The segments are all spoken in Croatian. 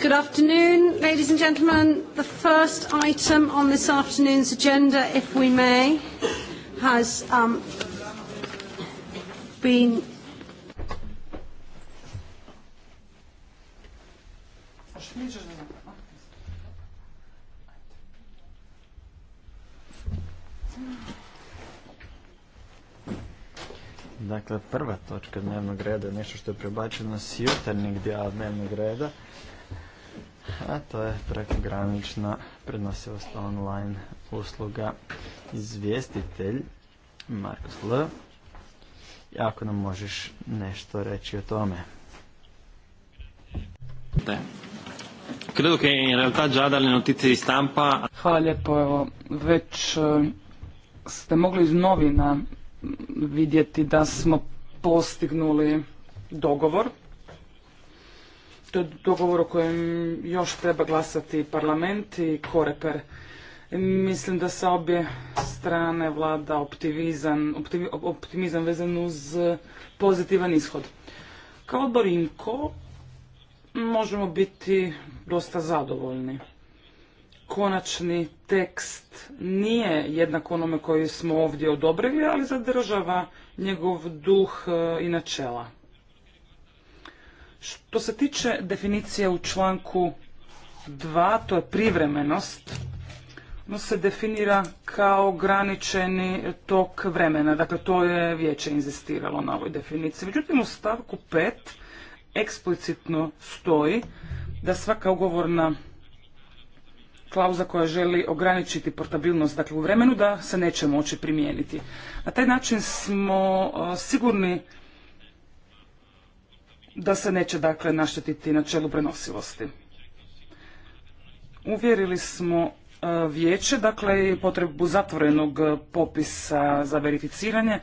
Good afternoon, ladies and gentlemen. The first item on this afternoon's agenda, if we may, has um, been Dakle, prva točka dnevnog reda je nešto što je prebačeno s jutarnjeg dijela dnevnog reda a to je prekogranična prenosivost online usluga. Izvjestitelj Markus L. Ako nam možeš nešto reći o tome. Da. Credo che in realtà già dalle notizie di stampa... Hvala lijepo, već e, ste mogli iz novina vidjeti da smo postignuli dogovor to je dogovor o kojem još treba glasati parlament i koreper. Mislim da sa obje strane vlada optimizam, optimizam vezan uz pozitivan ishod. Kao Borinko možemo biti dosta zadovoljni. Konačni tekst nije jednak onome koji smo ovdje odobrili, ali zadržava njegov duh e, i načela. Što se tiče definicije u članku 2, to je privremenost, ono se definira kao ograničeni tok vremena. Dakle, to je vijeće inzistiralo na ovoj definiciji. Međutim, u stavku 5 eksplicitno stoji da svaka ugovorna klauza koja želi ograničiti portabilnost dakle, u vremenu da se neće moći primijeniti. Na taj način smo sigurni da se neće dakle naštetiti načelu prenosivosti. Uvjerili smo e, vijeće, dakle i potrebu zatvorenog popisa za verificiranje.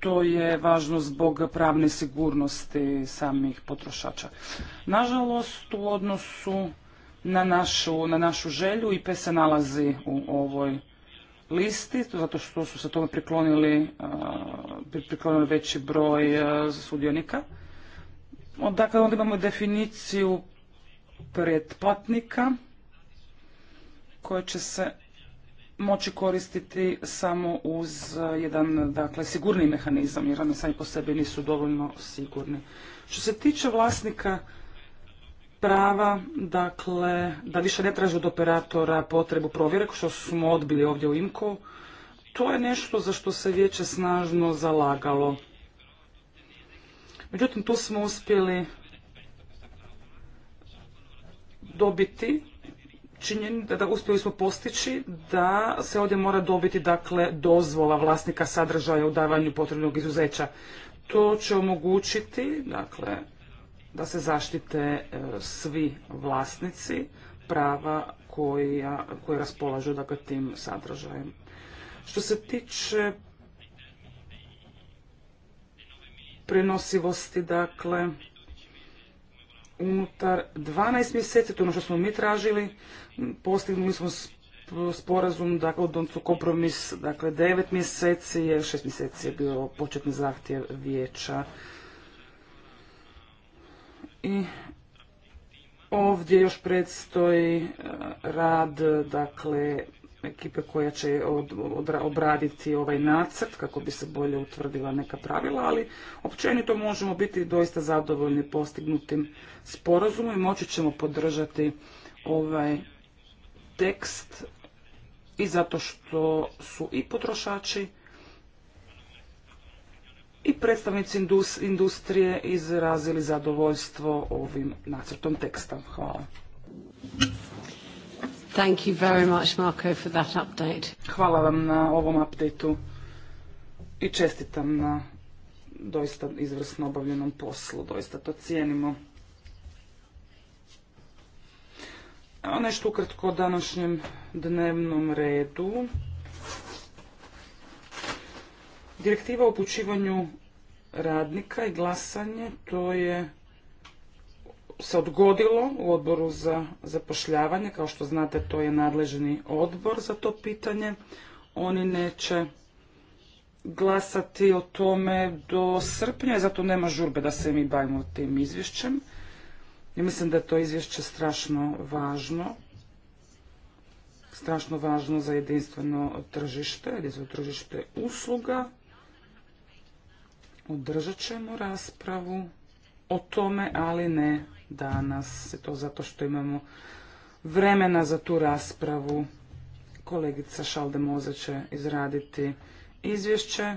To je važno zbog pravne sigurnosti samih potrošača. Nažalost, u odnosu na našu, na našu želju IP se nalazi u ovoj listi, zato što su se tome priklonili, e, priklonili veći broj e, sudionika. Dakle, onda imamo definiciju pretplatnika koja će se moći koristiti samo uz jedan dakle, sigurni mehanizam, jer oni sami po sebi nisu dovoljno sigurni. Što se tiče vlasnika prava, dakle, da više ne traži od operatora potrebu provjere, što smo odbili ovdje u IMCO, to je nešto za što se vijeće snažno zalagalo. Međutim, tu smo uspjeli dobiti činjeni da, uspjeli smo postići da se ovdje mora dobiti dakle dozvola vlasnika sadržaja u davanju potrebnog izuzeća. To će omogućiti dakle da se zaštite e, svi vlasnici prava koja, koji raspolažu dakle tim sadržajem. Što se tiče prenosivosti, dakle, unutar 12 mjeseci, to je ono što smo mi tražili, postignuli smo sporazum, dakle, odnosno kompromis, dakle, 9 mjeseci, jer 6 mjeseci je bio početni zahtjev vijeća. I ovdje još predstoji eh, rad, dakle, ekipe koja će obraditi ovaj nacrt kako bi se bolje utvrdila neka pravila, ali općenito možemo biti doista zadovoljni postignutim sporazumom i moći ćemo podržati ovaj tekst i zato što su i potrošači i predstavnici industrije izrazili zadovoljstvo ovim nacrtom teksta. Hvala. Thank you very much, for that update. Hvala vam na ovom update-u i čestitam na doista izvrsno obavljenom poslu, doista to cijenimo. Evo nešto ukratko o današnjem dnevnom redu. Direktiva o upućivanju radnika i glasanje, to je se odgodilo u odboru za zapošljavanje. Kao što znate, to je nadležni odbor za to pitanje. Oni neće glasati o tome do srpnja i zato nema žurbe da se mi bavimo tim izvješćem. I mislim da je to izvješće strašno važno. Strašno važno za jedinstveno tržište, jedinstveno tržište usluga. Održat ćemo raspravu o tome, ali ne danas, to zato što imamo vremena za tu raspravu. Kolegica Moza će izraditi izvješće,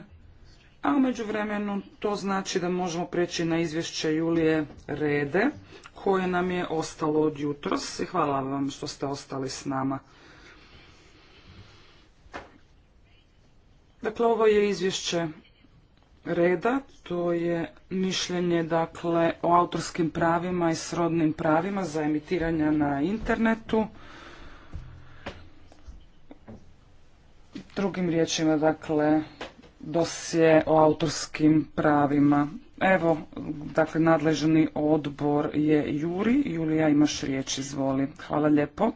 a u međuvremenu to znači da možemo preći na izvješće Julije Rede, koje nam je ostalo od jutros i hvala vam što ste ostali s nama. Dakle, ovo je izvješće reda, to je mišljenje dakle o autorskim pravima i srodnim pravima za emitiranja na internetu. Drugim riječima dakle dosje o autorskim pravima. Evo, dakle, nadležni odbor je Juri. Julija, imaš riječ, izvoli. Hvala lijepo.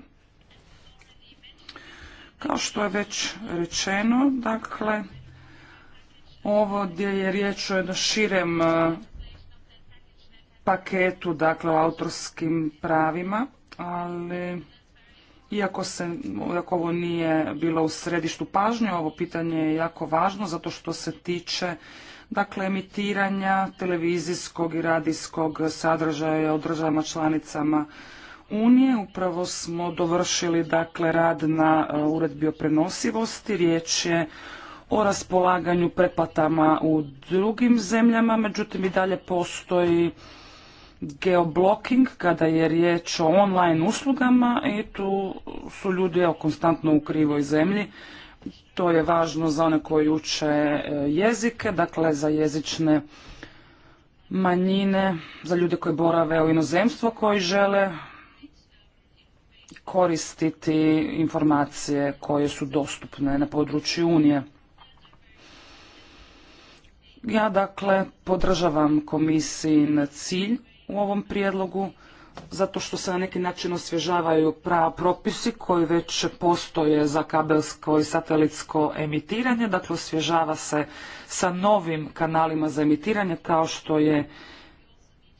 Kao što je već rečeno, dakle, ovo gdje je riječ o jednom širem e, paketu, dakle o autorskim pravima, ali iako, se, ovo nije bilo u središtu pažnje, ovo pitanje je jako važno zato što se tiče dakle emitiranja televizijskog i radijskog sadržaja u državama članicama Unije. Upravo smo dovršili dakle rad na e, uredbi o prenosivosti. Riječ je o raspolaganju pretplatama u drugim zemljama, međutim i dalje postoji geoblocking kada je riječ o online uslugama i tu su ljudi evo, konstantno u krivoj zemlji. To je važno za one koji uče e, jezike, dakle za jezične manjine, za ljude koji borave u inozemstvo, koji žele koristiti informacije koje su dostupne na području Unije. Ja dakle podržavam komisijin cilj u ovom prijedlogu zato što se na neki način osvježavaju prava propisi koji već postoje za kabelsko i satelitsko emitiranje, dakle osvježava se sa novim kanalima za emitiranje kao što je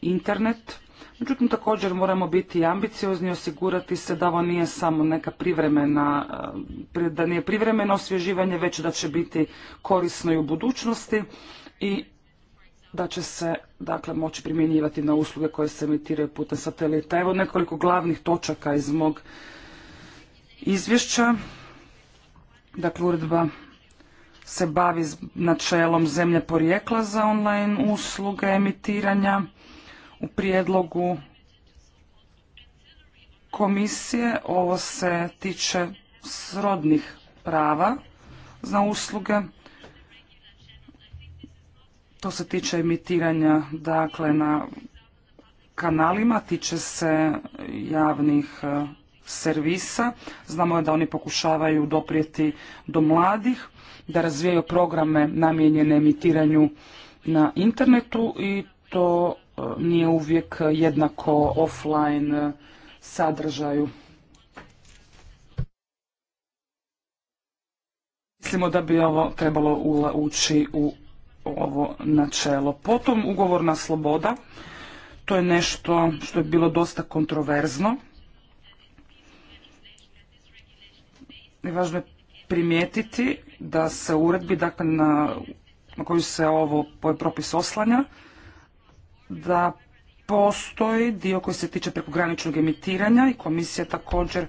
internet. Međutim, također moramo biti ambiciozni i osigurati se da ovo nije samo neka privremena, eh, da nije privremeno osvježivanje, već da će biti korisno i u budućnosti i da će se dakle moći primjenjivati na usluge koje se emitiraju putem satelita. Evo nekoliko glavnih točaka iz mog izvješća. Dakle, uredba se bavi načelom zemlje porijekla za online usluge emitiranja. U prijedlogu komisije ovo se tiče srodnih prava za usluge što se tiče emitiranja dakle na kanalima, tiče se javnih e, servisa. Znamo da oni pokušavaju doprijeti do mladih, da razvijaju programe namijenjene emitiranju na internetu i to e, nije uvijek jednako offline e, sadržaju. Mislimo da bi ovo trebalo ući u ovo načelo. Potom ugovorna sloboda, to je nešto što je bilo dosta kontroverzno. I važno je primijetiti da se uredbi dakle, na, na koju se ovo ovaj propis oslanja, da postoji dio koji se tiče prekograničnog emitiranja i komisija je također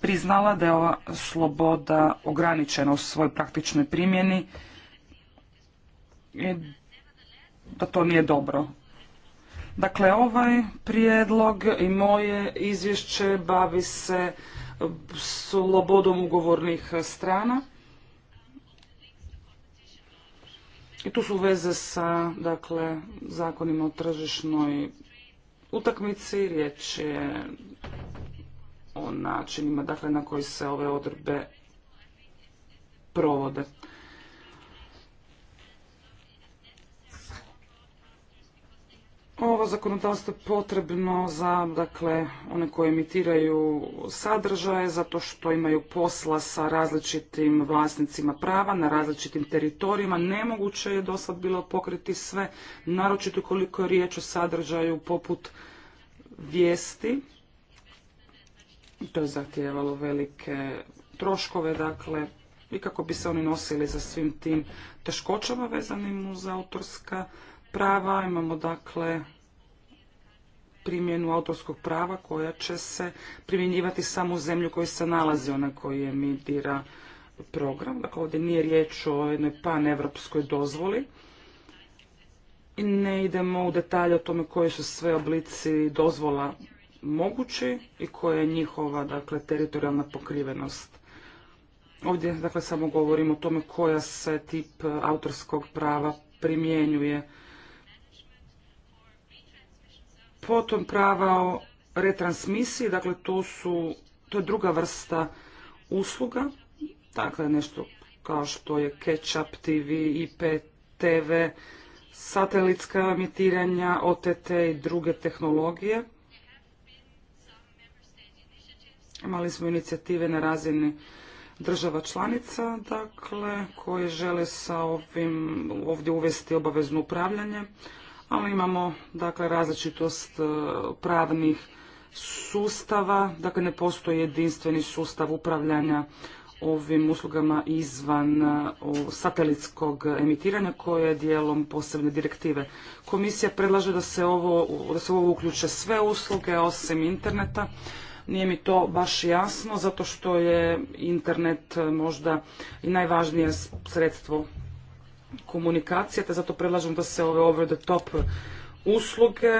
priznala da je ova sloboda ograničena u svojoj praktičnoj primjeni da to nije dobro. Dakle, ovaj prijedlog i moje izvješće bavi se slobodom ugovornih strana. I tu su veze sa, dakle, zakonima o tržišnoj utakmici. Riječ je o načinima, dakle, na koji se ove odrbe provode. ovo zakonodavstvo potrebno za dakle, one koji emitiraju sadržaje zato što imaju posla sa različitim vlasnicima prava na različitim teritorijima. Nemoguće je dosad bilo pokriti sve, naročito koliko je riječ o sadržaju poput vijesti. To je zahtijevalo velike troškove, dakle, i kako bi se oni nosili sa svim tim teškoćama vezanim uz autorska prava, imamo dakle primjenu autorskog prava koja će se primjenjivati samo u zemlju koju se nalazi ona koji emitira program. Dakle, ovdje nije riječ o jednoj panevropskoj dozvoli. I ne idemo u detalje o tome koji su sve oblici dozvola mogući i koja je njihova dakle, teritorijalna pokrivenost. Ovdje dakle, samo govorimo o tome koja se tip autorskog prava primjenjuje Potom prava o retransmisiji, dakle to su, to je druga vrsta usluga, dakle nešto kao što je Ketchup TV, IP TV, satelitska emitiranja, OTT i druge tehnologije. Imali smo inicijative na razini država članica, dakle, koje žele sa ovim ovdje uvesti obavezno upravljanje ali imamo dakle različitost e, pravnih sustava, dakle ne postoji jedinstveni sustav upravljanja ovim uslugama izvan e, satelitskog emitiranja koje je dijelom posebne direktive. Komisija predlaže da se ovo, da se ovo uključe sve usluge osim interneta. Nije mi to baš jasno zato što je internet e, možda i najvažnije sredstvo komunikacija, te zato predlažem da se ove over the top usluge,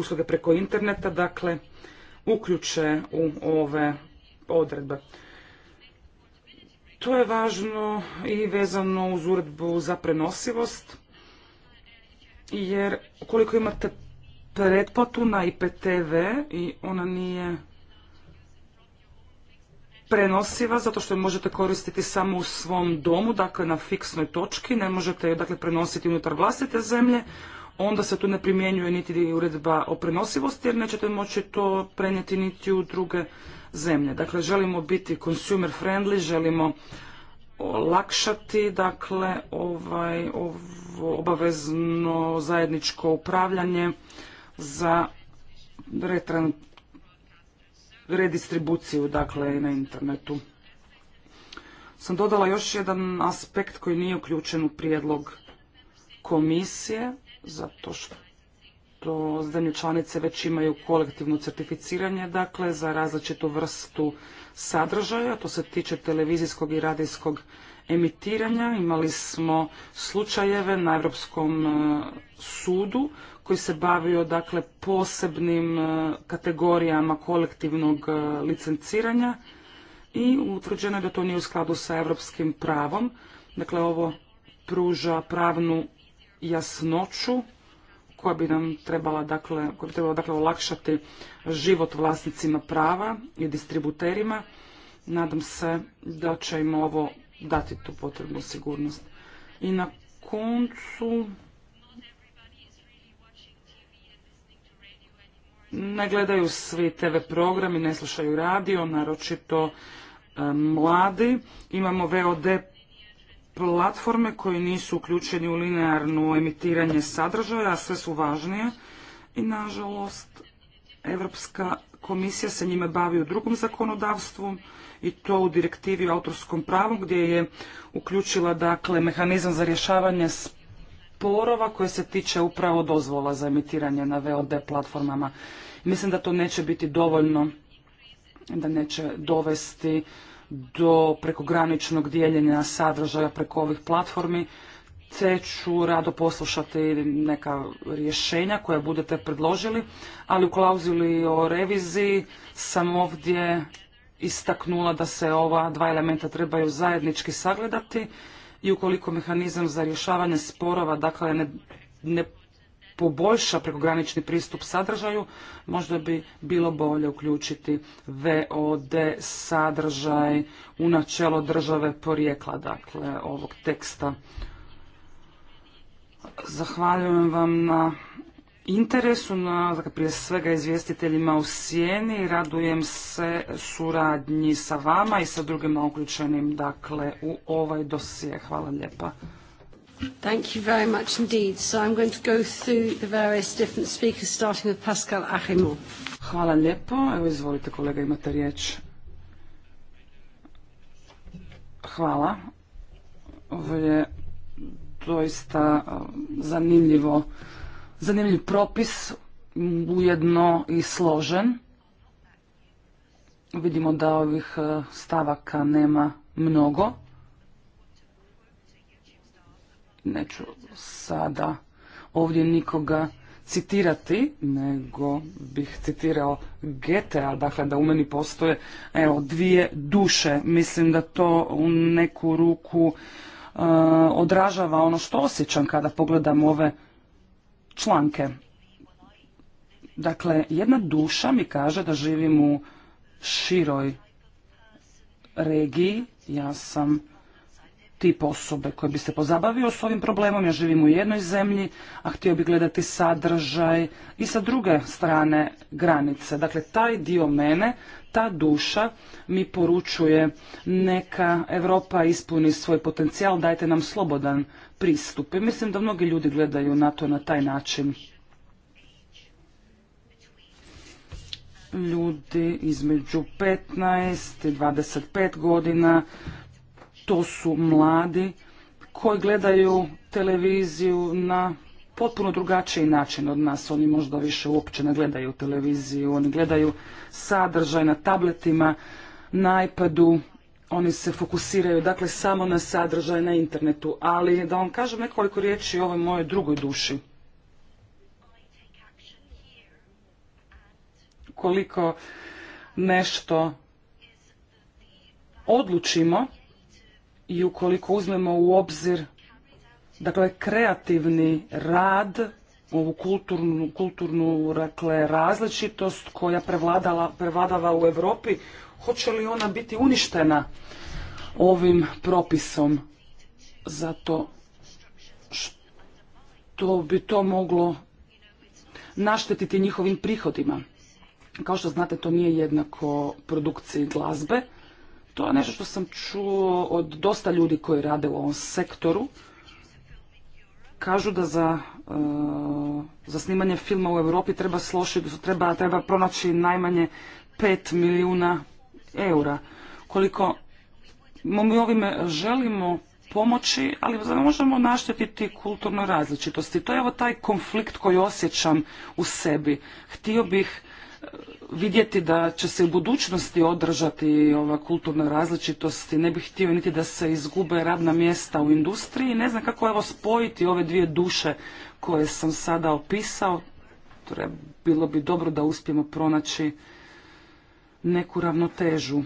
usluge preko interneta, dakle, uključe u ove odredbe. To je važno i vezano uz uredbu za prenosivost, jer koliko imate pretplatu na IPTV i ona nije prenosiva zato što je možete koristiti samo u svom domu, dakle na fiksnoj točki, ne možete je dakle, prenositi unutar vlastite zemlje, onda se tu ne primjenjuje niti uredba o prenosivosti jer nećete moći to prenijeti niti u druge zemlje. Dakle, želimo biti consumer friendly, želimo olakšati dakle, ovaj, obavezno zajedničko upravljanje za retran redistribuciju, dakle, i na internetu. Sam dodala još jedan aspekt koji nije uključen u prijedlog komisije, zato što to zemlje članice već imaju kolektivno certificiranje, dakle, za različitu vrstu sadržaja. To se tiče televizijskog i radijskog emitiranja. Imali smo slučajeve na Europskom eh, sudu koji se bavio dakle posebnim e, kategorijama kolektivnog e, licenciranja i utvrđeno je da to nije u skladu sa europskim pravom. Dakle, ovo pruža pravnu jasnoću koja bi nam trebala, dakle, koja bi trebala dakle, olakšati život vlasnicima prava i distributerima. Nadam se da će im ovo dati tu potrebnu sigurnost. I na koncu ne gledaju svi TV programi, ne slušaju radio, naročito e, mladi. Imamo VOD platforme koji nisu uključeni u linearno emitiranje sadržaja, a sve su važnije. I nažalost, Evropska komisija se njime bavi u drugom zakonodavstvu i to u direktivi o autorskom pravu gdje je uključila dakle mehanizam za rješavanje sporova koje se tiče upravo dozvola za emitiranje na VOD platformama. Mislim da to neće biti dovoljno, da neće dovesti do prekograničnog dijeljenja sadržaja preko ovih platformi, te ću rado poslušati neka rješenja koja budete predložili, ali u klauzuli o reviziji sam ovdje istaknula da se ova dva elementa trebaju zajednički sagledati i ukoliko mehanizam za rješavanje sporova dakle ne, ne poboljša prekogranični pristup sadržaju, možda bi bilo bolje uključiti VOD sadržaj u načelo države porijekla, dakle, ovog teksta. Zahvaljujem vam na interesu, na, dakle, prije svega izvjestiteljima u sjeni. Radujem se suradnji sa vama i sa drugima uključenim dakle, u ovaj dosije. Hvala lijepa. Thank you very much indeed. So I'm going to go through the various different speakers, starting with Pascal Achimov. Hvala lijepo. Evo izvolite kolega, imate riječ. Hvala. Ovo je doista zanimljivo zanimljiv propis, ujedno i složen. Vidimo da ovih e, stavaka nema mnogo. Neću sada ovdje nikoga citirati, nego bih citirao Getea, dakle da u meni postoje evo, dvije duše. Mislim da to u neku ruku e, odražava ono što osjećam kada pogledam ove članke. Dakle, jedna duša mi kaže da živim u široj regiji. Ja sam tip osobe koji bi se pozabavio s ovim problemom. Ja živim u jednoj zemlji, a htio bi gledati sadržaj i sa druge strane granice. Dakle, taj dio mene ta duša mi poručuje neka Europa ispuni svoj potencijal, dajte nam slobodan pristup. I mislim da mnogi ljudi gledaju na to na taj način. Ljudi između 15 i 25 godina, to su mladi koji gledaju televiziju na potpuno drugačiji način od nas. Oni možda više uopće ne gledaju televiziju, oni gledaju sadržaj na tabletima, na iPadu, oni se fokusiraju dakle samo na sadržaj na internetu. Ali da vam kažem nekoliko riječi o ovoj mojoj drugoj duši. Koliko nešto odlučimo i ukoliko uzmemo u obzir dakle, kreativni rad, ovu kulturnu, kulturnu dakle, različitost koja prevladava u Europi, hoće li ona biti uništena ovim propisom? Zato što bi to moglo naštetiti njihovim prihodima. Kao što znate, to nije jednako produkciji glazbe. To je nešto što sam čuo od dosta ljudi koji rade u ovom sektoru kažu da za, e, za snimanje filma u Europi treba slošiti, treba, treba pronaći najmanje 5 milijuna eura. Koliko mi ovime želimo pomoći, ali možemo naštetiti kulturno različitosti. To je evo taj konflikt koji osjećam u sebi. Htio bih vidjeti da će se u budućnosti održati ova kulturna različitost i ne bih htio niti da se izgube radna mjesta u industriji. Ne znam kako evo spojiti ove dvije duše koje sam sada opisao. Bilo bi dobro da uspijemo pronaći neku ravnotežu.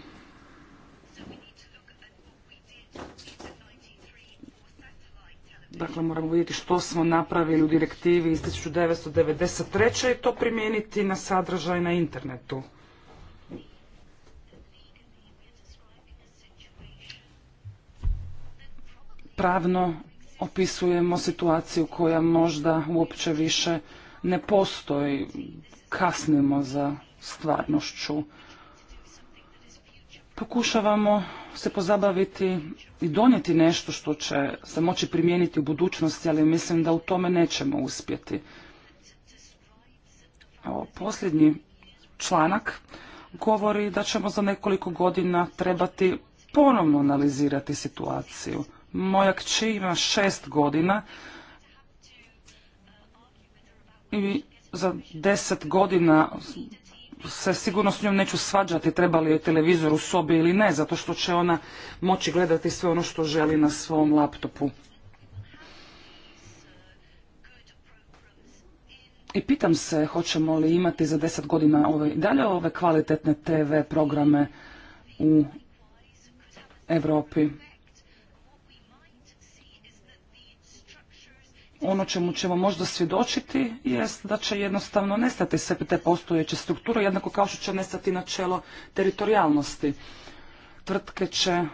Dakle, moramo vidjeti što smo napravili u direktivi iz 1993. i to primijeniti na sadržaj na internetu. Pravno opisujemo situaciju koja možda uopće više ne postoji. Kasnimo za stvarnošću pokušavamo se pozabaviti i donijeti nešto što će se moći primijeniti u budućnosti, ali mislim da u tome nećemo uspjeti. Evo, posljednji članak govori da ćemo za nekoliko godina trebati ponovno analizirati situaciju. Moja kći ima šest godina i za deset godina se sigurno s njom neću svađati treba li joj televizor u sobi ili ne, zato što će ona moći gledati sve ono što želi na svom laptopu. I pitam se hoćemo li imati za deset godina ove, dalje ove kvalitetne TV programe u Europi. ono čemu ćemo možda svjedočiti jest da će jednostavno nestati sve te postojeće strukture, jednako kao što će nestati načelo teritorijalnosti. Tvrtke će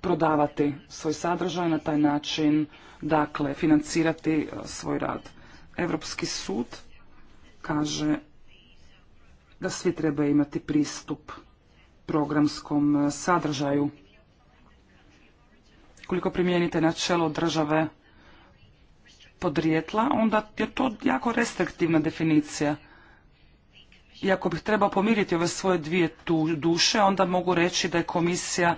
prodavati svoj sadržaj na taj način, dakle, financirati e, svoj rad. Europski sud kaže da svi treba imati pristup programskom e, sadržaju. Koliko primijenite načelo države podrijetla, onda je to jako restriktivna definicija. I ako bih trebao pomiriti ove svoje dvije tu duše, onda mogu reći da je komisija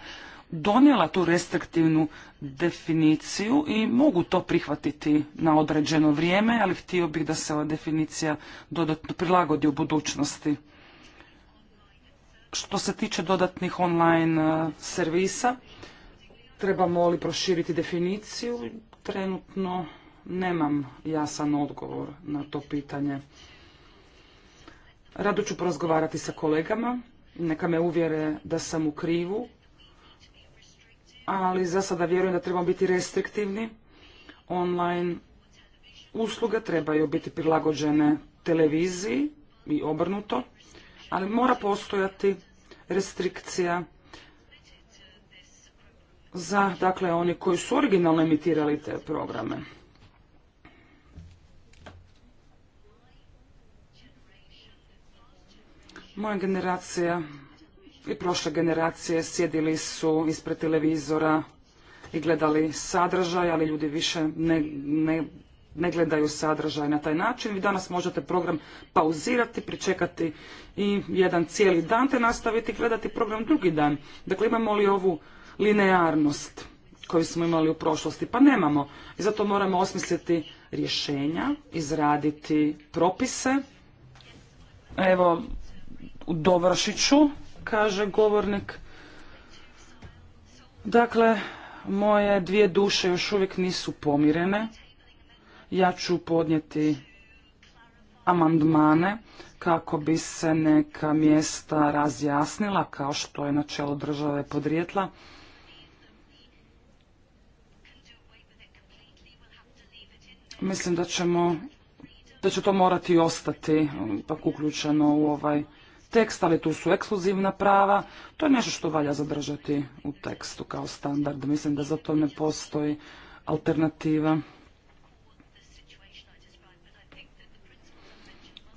donijela tu restriktivnu definiciju i mogu to prihvatiti na određeno vrijeme, ali htio bih da se ova definicija dodatno prilagodi u budućnosti. Što se tiče dodatnih online e, servisa, trebamo li proširiti definiciju? Trenutno Nemam jasan odgovor na to pitanje. Rado ću porazgovarati sa kolegama, neka me uvjere da sam u krivu, ali za sada vjerujem da trebamo biti restriktivni. Online usluge trebaju biti prilagođene televiziji i obrnuto, ali mora postojati restrikcija za dakle oni koji su originalno emitirali te programe. Moja generacija i prošle generacije sjedili su ispred televizora i gledali sadržaj, ali ljudi više ne, ne, gledaju sadržaj na taj način. Vi danas možete program pauzirati, pričekati i jedan cijeli dan te nastaviti gledati program drugi dan. Dakle, imamo li ovu linearnost koju smo imali u prošlosti? Pa nemamo. I zato moramo osmisliti rješenja, izraditi propise. Evo, dovršit ću, kaže govornik. Dakle, moje dvije duše još uvijek nisu pomirene. Ja ću podnijeti amandmane kako bi se neka mjesta razjasnila kao što je načelo države podrijetla. Mislim da ćemo da će to morati ostati pak uključeno u ovaj tekst, ali tu su ekskluzivna prava. To je nešto što valja zadržati u tekstu kao standard. Mislim da za to ne postoji alternativa.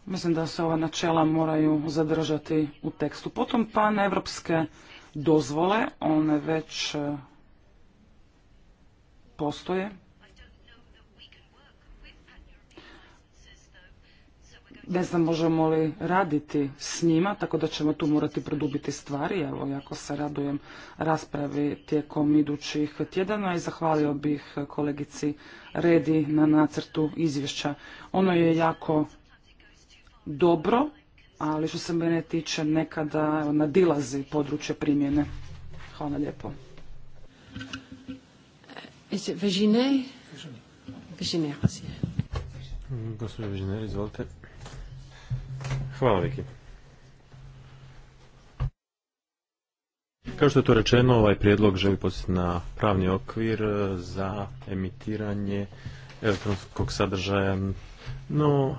Mislim da se ova načela moraju zadržati u tekstu. Potom evropske dozvole, one već eh, postoje. ne znam možemo li raditi s njima, tako da ćemo tu morati produbiti stvari. Evo, jako se radujem raspravi tijekom idućih tjedana i zahvalio bih kolegici Redi na nacrtu izvješća. Ono je jako dobro, ali što se mene tiče nekada nadilazi područje primjene. Hvala lijepo. E, Gospođo izvolite. Hvala, Viki. Kao što je to rečeno, ovaj prijedlog želi postići na pravni okvir eh, za emitiranje elektronskog sadržaja, no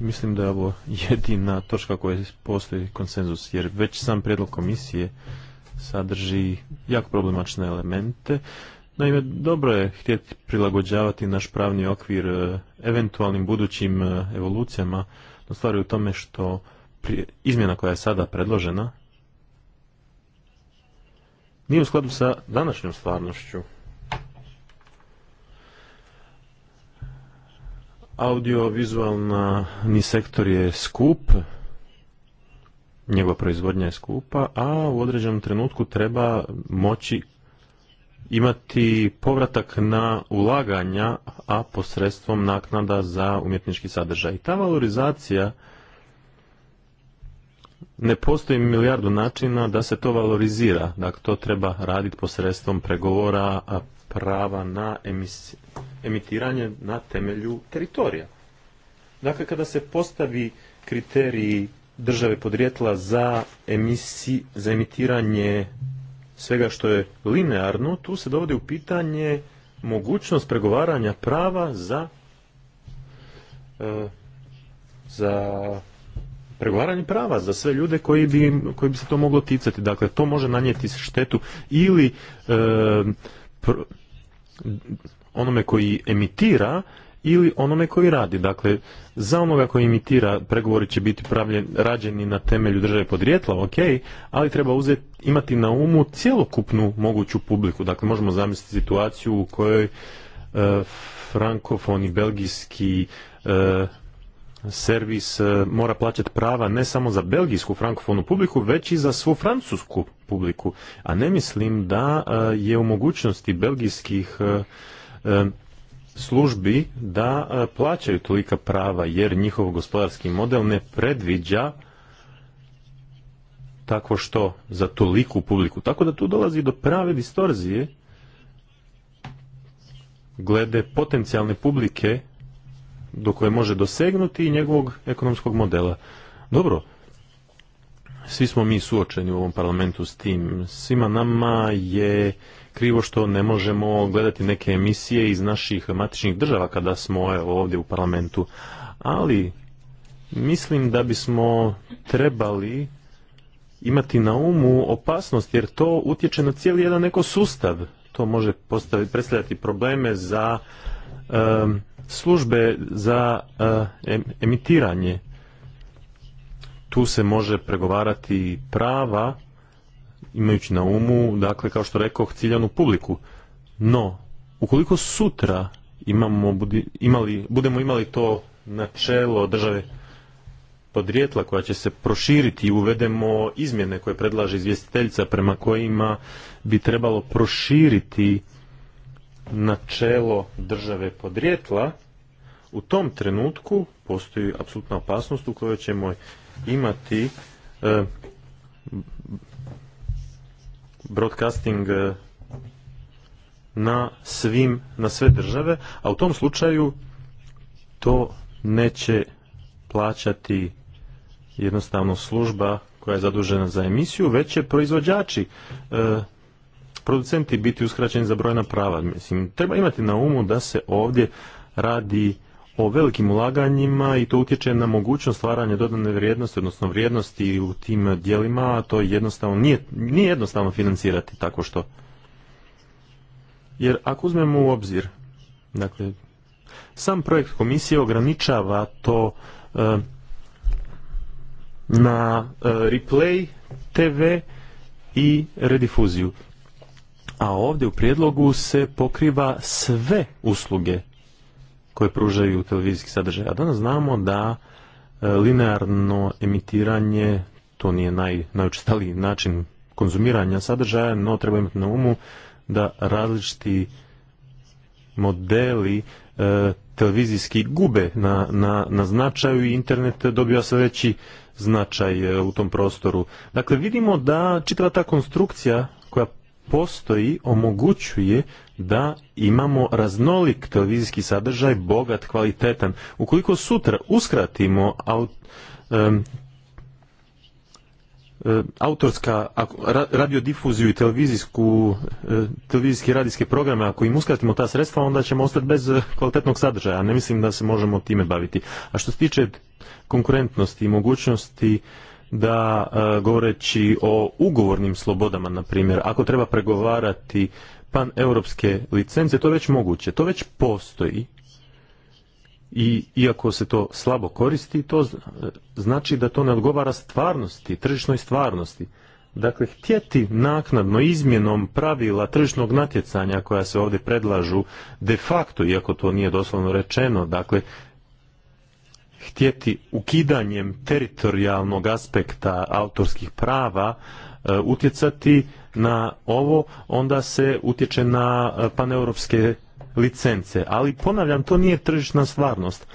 mislim da je ovo jedina točka koja postoji konsenzus, jer već sam prijedlog komisije sadrži jako problematične elemente. Naime, dobro je htjeti prilagođavati naš pravni okvir eh, eventualnim budućim eh, evolucijama no stvari u tome što izmjena koja je sada predložena nije u skladu sa današnjom stvarnošću. Audiovizualni sektor je skup, njegova proizvodnja je skupa, a u određenom trenutku treba moći imati povratak na ulaganja, a posredstvom naknada za umjetnički sadržaj. I ta valorizacija ne postoji milijardu načina da se to valorizira. Dakle, to treba raditi posredstvom pregovora prava na emitiranje na temelju teritorija. Dakle, kada se postavi kriteriji države podrijetla za, emisi, za emitiranje svega što je linearno, tu se dovodi u pitanje mogućnost pregovaranja prava za e, za pregovaranje prava za sve ljude koji bi, koji bi se to moglo ticati. Dakle, to može nanijeti štetu ili e, onome koji emitira ili onome koji radi. Dakle, za onoga koji imitira pregovori će biti pravljen, rađeni na temelju države podrijetla, ok, ali treba uzeti, imati na umu cjelokupnu moguću publiku. Dakle, možemo zamisliti situaciju u kojoj e, frankofoni, belgijski e, servis e, mora plaćati prava ne samo za belgijsku frankofonu publiku, već i za svu francusku publiku. A ne mislim da e, je u mogućnosti belgijskih službi da e, plaćaju tolika prava jer njihov gospodarski model ne predviđa tako što za toliku publiku. Tako da tu dolazi do prave distorzije glede potencijalne publike do koje može dosegnuti i njegovog ekonomskog modela. Dobro, svi smo mi suočeni u ovom parlamentu s tim. Svima nama je krivo što ne možemo gledati neke emisije iz naših matičnih država kada smo evo, ovdje u parlamentu. Ali mislim da bismo trebali imati na umu opasnost jer to utječe na cijeli jedan sustav. To može predstavljati probleme za službe za emitiranje tu se može pregovarati prava imajući na umu, dakle, kao što rekao, ciljanu publiku. No, ukoliko sutra imamo, budi, imali, budemo imali to načelo države podrijetla koja će se proširiti i uvedemo izmjene koje predlaže izvjestiteljica prema kojima bi trebalo proširiti načelo države podrijetla, u tom trenutku postoji apsolutna opasnost u kojoj ćemo imati e, broadcasting e, na svim, na sve države, a u tom slučaju to neće plaćati jednostavno služba koja je zadužena za emisiju, već će proizvođači, e, producenti biti uskraćeni za brojna prava. Mislim, treba imati na umu da se ovdje radi o velikim ulaganjima i to utječe na mogućnost stvaranja dodane vrijednosti, odnosno vrijednosti u tim dijelima, a to jednostavno nije, nije jednostavno financirati tako što. Jer ako uzmemo u obzir, dakle, sam projekt komisije ograničava to e, na e, replay, TV i redifuziju. A ovdje u prijedlogu se pokriva sve usluge koje pružaju televizijski sadržaj. A danas znamo da e, linearno emitiranje, to nije naj, najučestaliji način konzumiranja sadržaja, no treba imati na umu da različiti modeli e, televizijski gube na, na, na značaju i internet dobiva sve veći značaj e, u tom prostoru. Dakle, vidimo da čitava ta konstrukcija koja postoji omogućuje da imamo raznolik televizijski sadržaj, bogat, kvalitetan. Ukoliko sutra uskratimo aut, um, autorska radiodifuziju i televizijsku, televizijski radijske programe, ako im uskratimo ta sredstva, onda ćemo ostati bez kvalitetnog sadržaja. Ne mislim da se možemo time baviti. A što se tiče konkurentnosti i mogućnosti da eh, govoreći o ugovornim slobodama, na primjer, ako treba pregovarati europske licence, to je već moguće, to već postoji. I iako se to slabo koristi, to znači da to ne odgovara stvarnosti, tržišnoj stvarnosti. Dakle, htjeti naknadno izmjenom pravila tržišnog natjecanja koja se ovdje predlažu de facto, iako to nije doslovno rečeno, dakle, htjeti ukidanjem teritorijalnog aspekta autorskih prava e, utjecati na ovo, onda se utječe na e, paneuropske licence. Ali ponavljam, to nije tržišna stvarnost.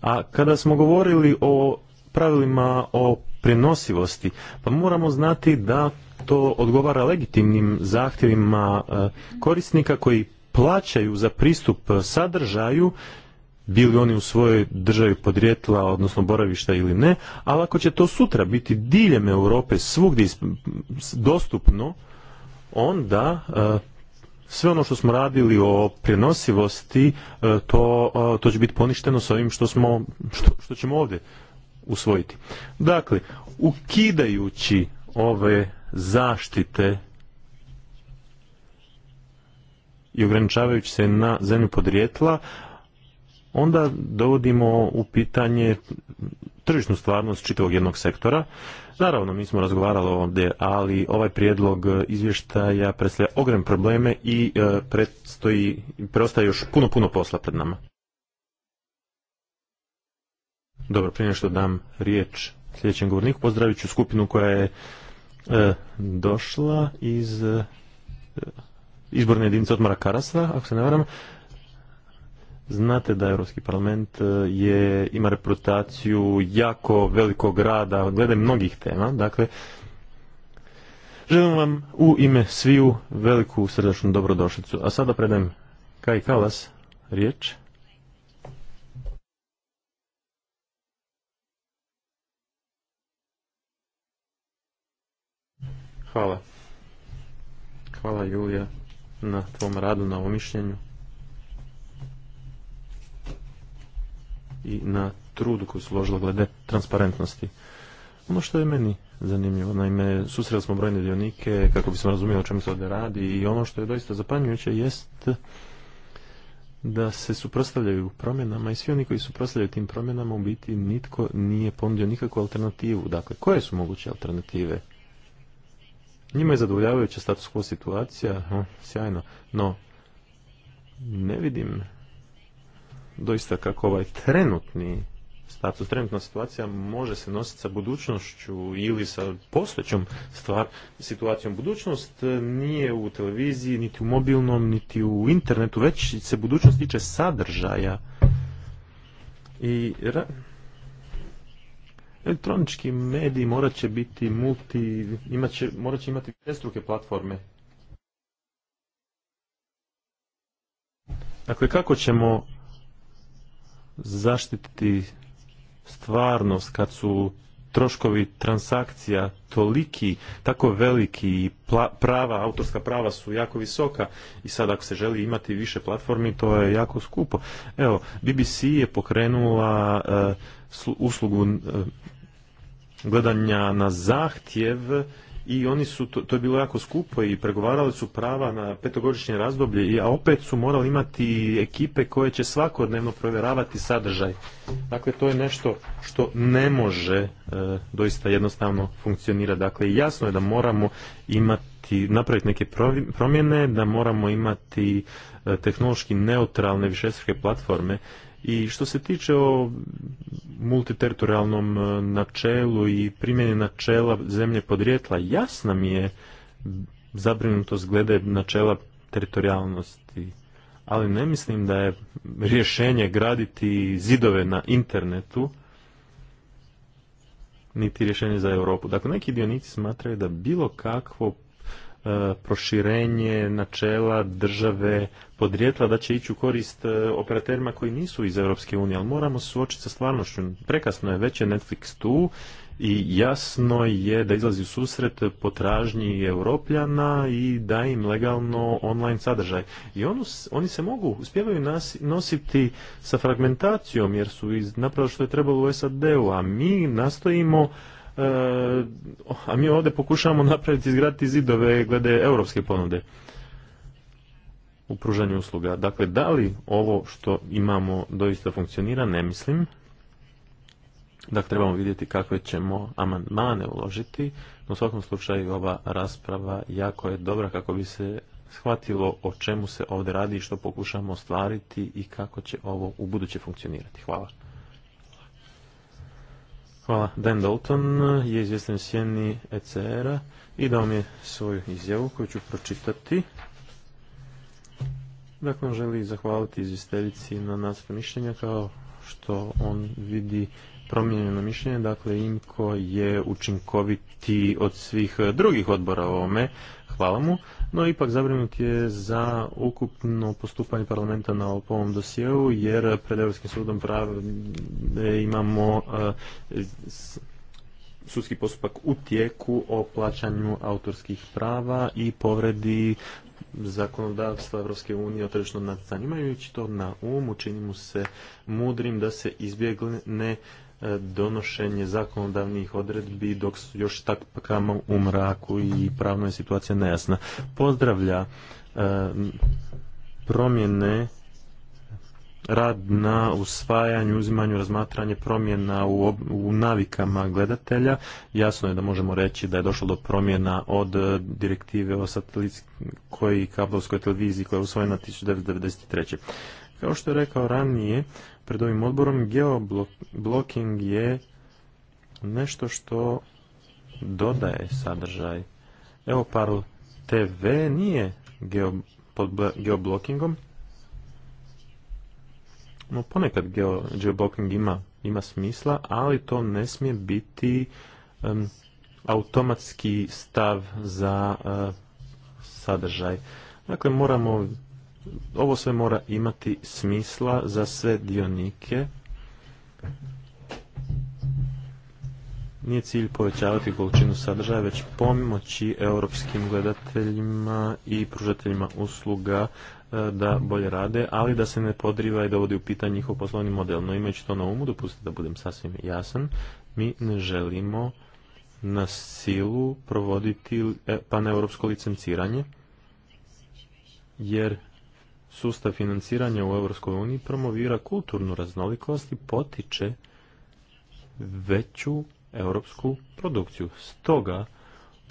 A kada smo govorili o pravilima o prenosivosti, pa moramo znati da to odgovara legitimnim zahtjevima e, korisnika koji plaćaju za pristup sadržaju bili oni u svojoj državi podrijetla, odnosno boravišta ili ne, ali ako će to sutra biti diljem Europe svugdje dostupno, onda e, sve ono što smo radili o prenosivosti, e, to, e, to će biti poništeno s ovim što, smo, što, što ćemo ovdje usvojiti. Dakle, ukidajući ove zaštite i ograničavajući se na zemlju podrijetla, onda dovodimo u pitanje tržišnu stvarnost čitavog jednog sektora. Naravno, mi smo razgovarali ovdje, ali ovaj prijedlog izvještaja predstavlja ogromne probleme i e, predstoji, preostaje još puno, puno posla pred nama. Dobro, prije što dam riječ sljedećem govorniku, pozdravit ću skupinu koja je e, došla iz e, izborne jedinice odmara Karasa, ako se ne varam. Znate da Europski parlament e, je, ima reputaciju jako velikog rada glede mnogih tema, dakle želim vam u ime sviju veliku srdačnu dobrodošlicu. A sada predajem Kaj Kalas riječ. Hvala. Hvala Julija na tvom radu, na ovom mišljenju. i na trudu koju su ložili glede transparentnosti. Ono što je meni zanimljivo, naime, susreli smo brojne dionike kako bismo razumjeli o čemu se ovdje radi i ono što je doista zapanjujuće jest da se suprotstavljaju promjenama i svi oni koji suprotstavljaju tim promjenama u biti nitko nije ponudio nikakvu alternativu. Dakle, koje su moguće alternative? Njima je zadovoljavajuća status quo situacija, sjajno, no ne vidim doista kako ovaj trenutni status, trenutna situacija može se nositi sa budućnošću ili sa postojećom stvar, situacijom. Budućnost e, nije u televiziji, niti u mobilnom, niti u internetu, već se budućnost tiče sadržaja. I elektronički mediji morat će biti multi, imat će, morat će imati prestruke platforme. Dakle, kako ćemo zaštititi stvarnost kad su troškovi transakcija toliki, tako veliki i prava, autorska prava su jako visoka i sad ako se želi imati više platformi to je jako skupo. Evo, BBC je pokrenula e, uslugu e, gledanja na zahtjev i oni su, to, to je bilo jako skupo i pregovarali su prava na petogodišnje razdoblje, a opet su morali imati ekipe koje će svakodnevno provjeravati sadržaj. Dakle, to je nešto što ne može e, doista jednostavno funkcionirati. Dakle, jasno je da moramo imati, napraviti neke promjene, da moramo imati e, tehnološki neutralne višestruke platforme i što se tiče o multiteritorijalnom e, načelu i primjeni načela zemlje podrijetla, jasna mi je zabrinutost glede načela teritorijalnosti, ali ne mislim da je rješenje graditi zidove na internetu, niti rješenje za Europu. Dakle, neki dionici smatraju da bilo kakvo e, proširenje načela države podrijetla da će ići u korist e, operaterima koji nisu iz Europske unije, ali moramo se suočiti sa stvarnošću. Prekasno je, već je Netflix tu i jasno je da izlazi u susret potražnji europljana i da im legalno online sadržaj. I onu, oni se mogu, uspjevaju nas, nositi sa fragmentacijom jer su iz, napravo što je trebalo u SAD-u, a mi nastojimo e, a mi ovdje pokušavamo napraviti, izgraditi zidove glede europske ponude u pružanju usluga. Dakle, da li ovo što imamo doista funkcionira, ne mislim. Dakle, trebamo vidjeti kakve ćemo amandmane uložiti. No, u svakom slučaju, ova rasprava jako je dobra kako bi se shvatilo o čemu se ovdje radi i što pokušamo ostvariti i kako će ovo u buduće funkcionirati. Hvala. Hvala. Dan Dalton je izvjestan sjeni ECR-a i dao mi je svoju izjavu koju ću pročitati. Dakle, on želi zahvaliti izvjestiteljici na nacrtu mišljenja kao što on vidi promijenjeno mišljenje. Dakle, IMKO je učinkoviti od svih drugih odbora o ovome. Hvala mu. No, ipak zabrinut je za ukupno postupanje parlamenta na ovom dosjeu, jer pred Europskim sudom pravde imamo eh, sudski postupak u tijeku o plaćanju autorskih prava i povredi zakonodavstva Europske unije o tržišnom natjecanju. to na umu, mu se mudrim da se izbjegne e, donošenje zakonodavnih odredbi dok su još kamo u mraku i pravna je situacija nejasna. Pozdravlja e, promjene rad na usvajanju, uzimanju, razmatranje promjena u, u navikama gledatelja. Jasno je da možemo reći da je došlo do promjena od e, direktive o satelitskoj kablovskoj televiziji koja je usvojena 1993. Kao što je rekao ranije, pred ovim odborom, geoblocking je nešto što dodaje sadržaj. Evo, par TV nije geoblokingom. pod geoblockingom, no ponekad geoblocking ima, ima smisla, ali to ne smije biti automatski stav za e, sadržaj. Dakle, moramo, ovo sve mora imati smisla za sve dionike. Nije cilj povećavati količinu sadržaja, već pomoći europskim gledateljima i pružateljima usluga E, da bolje rade, ali da se ne podriva i dovodi u pitanje njihov poslovni model. No imajući to na umu, dopustite da budem sasvim jasan, mi ne želimo na silu provoditi e, paneuropsko licenciranje, jer sustav financiranja u EU promovira kulturnu raznolikost i potiče veću europsku produkciju. Stoga,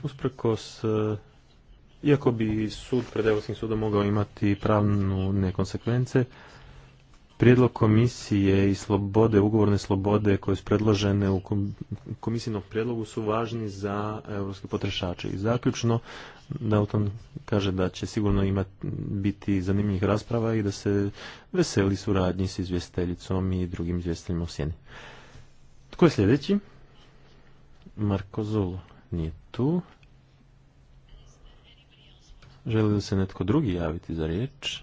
usprkos e, iako bi sud pred Europskim sudom mogao imati pravnu nekonsekvence, prijedlog komisije i slobode, ugovorne slobode koje su predložene u komisijnom prijedlogu su važni za europske potrošače. I zaključno, Dalton kaže da će sigurno imati, biti zanimljivih rasprava i da se veseli suradnji s izvjesteljicom i drugim izvjestiteljima u sjeni. Tko je sljedeći? Marko Zulo nije tu. Želi li se netko drugi javiti za riječ?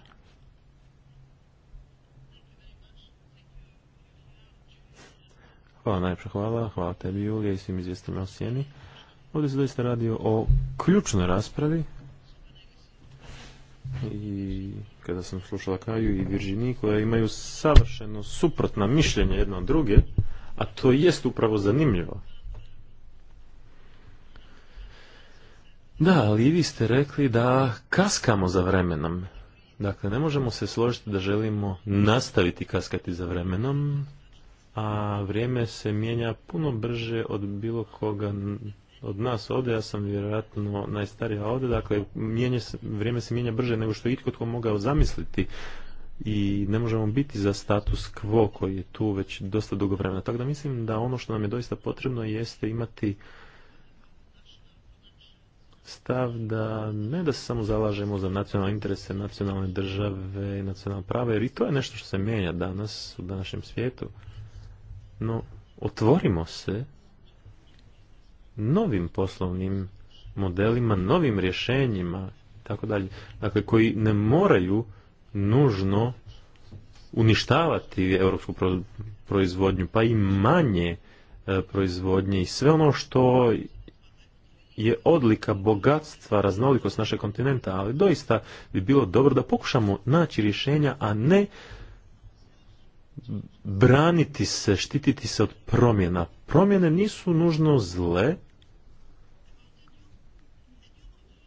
Hvala, najpša hvala. Hvala tebi, Julija, i svim izvjestima o sjeni. Ovdje se doista radi o ključnoj raspravi. I kada sam slušala Kaju i Viržini, koja imaju savršeno suprotna mišljenja jedna od druge, a to jest upravo zanimljivo. Da, ali i vi ste rekli da kaskamo za vremenom. Dakle, ne možemo se složiti da želimo nastaviti kaskati za vremenom, a vrijeme se mijenja puno brže od bilo koga od nas ovdje, ja sam vjerojatno najstarija ovdje, dakle vrijeme se mijenja brže nego što je itko tko mogao zamisliti i ne možemo biti za status quo koji je tu već dosta dugo vremena. Tako da mislim da ono što nam je doista potrebno jeste imati stav da ne da se samo zalažemo za nacionalne interese, nacionalne države i nacionalne prave, jer i to je nešto što se mijenja danas u današnjem svijetu. No, otvorimo se novim poslovnim modelima, novim rješenjima tako dalje, dakle koji ne moraju nužno uništavati europsku proizvodnju, pa i manje e, proizvodnje i sve ono što je odlika bogatstva, raznolikost našeg kontinenta, ali doista bi bilo dobro da pokušamo naći rješenja, a ne braniti se, štititi se od promjena. Promjene nisu nužno zle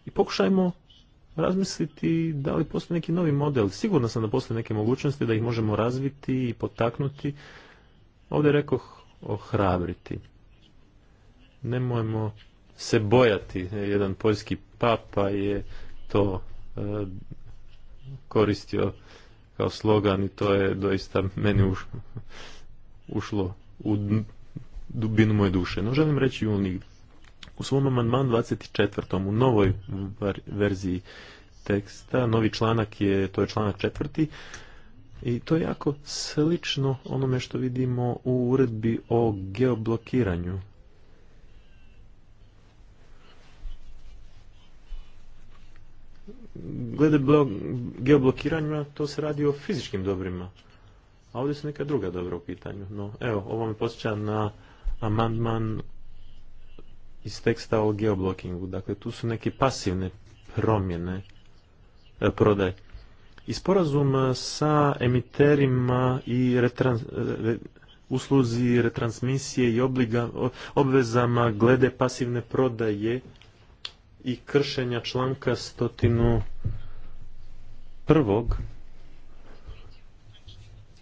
i pokušajmo razmisliti da li postoji neki novi model. Sigurno sam da postoje neke mogućnosti da ih možemo razviti i potaknuti. Ovdje rekoh ohrabriti. Nemojmo se bojati. Jedan poljski papa je to e, koristio kao slogan i to je doista meni ušlo u dubinu moje duše. No želim reći njih. u svom amandman 24. u novoj verziji teksta, novi članak je, to je članak četvrti, i to je jako slično onome što vidimo u uredbi o geoblokiranju. glede geoblokiranja, to se radi o fizičkim dobrima. A ovdje su neka druga dobra u pitanju. No, evo, ovo me posjeća na amandman iz teksta o geoblokingu. Dakle, tu su neke pasivne promjene e, prodaje. I sporazum e, sa emiterima i retrans, e, usluzi retransmisije i obvezama glede pasivne prodaje i kršenja članka stotinu prvog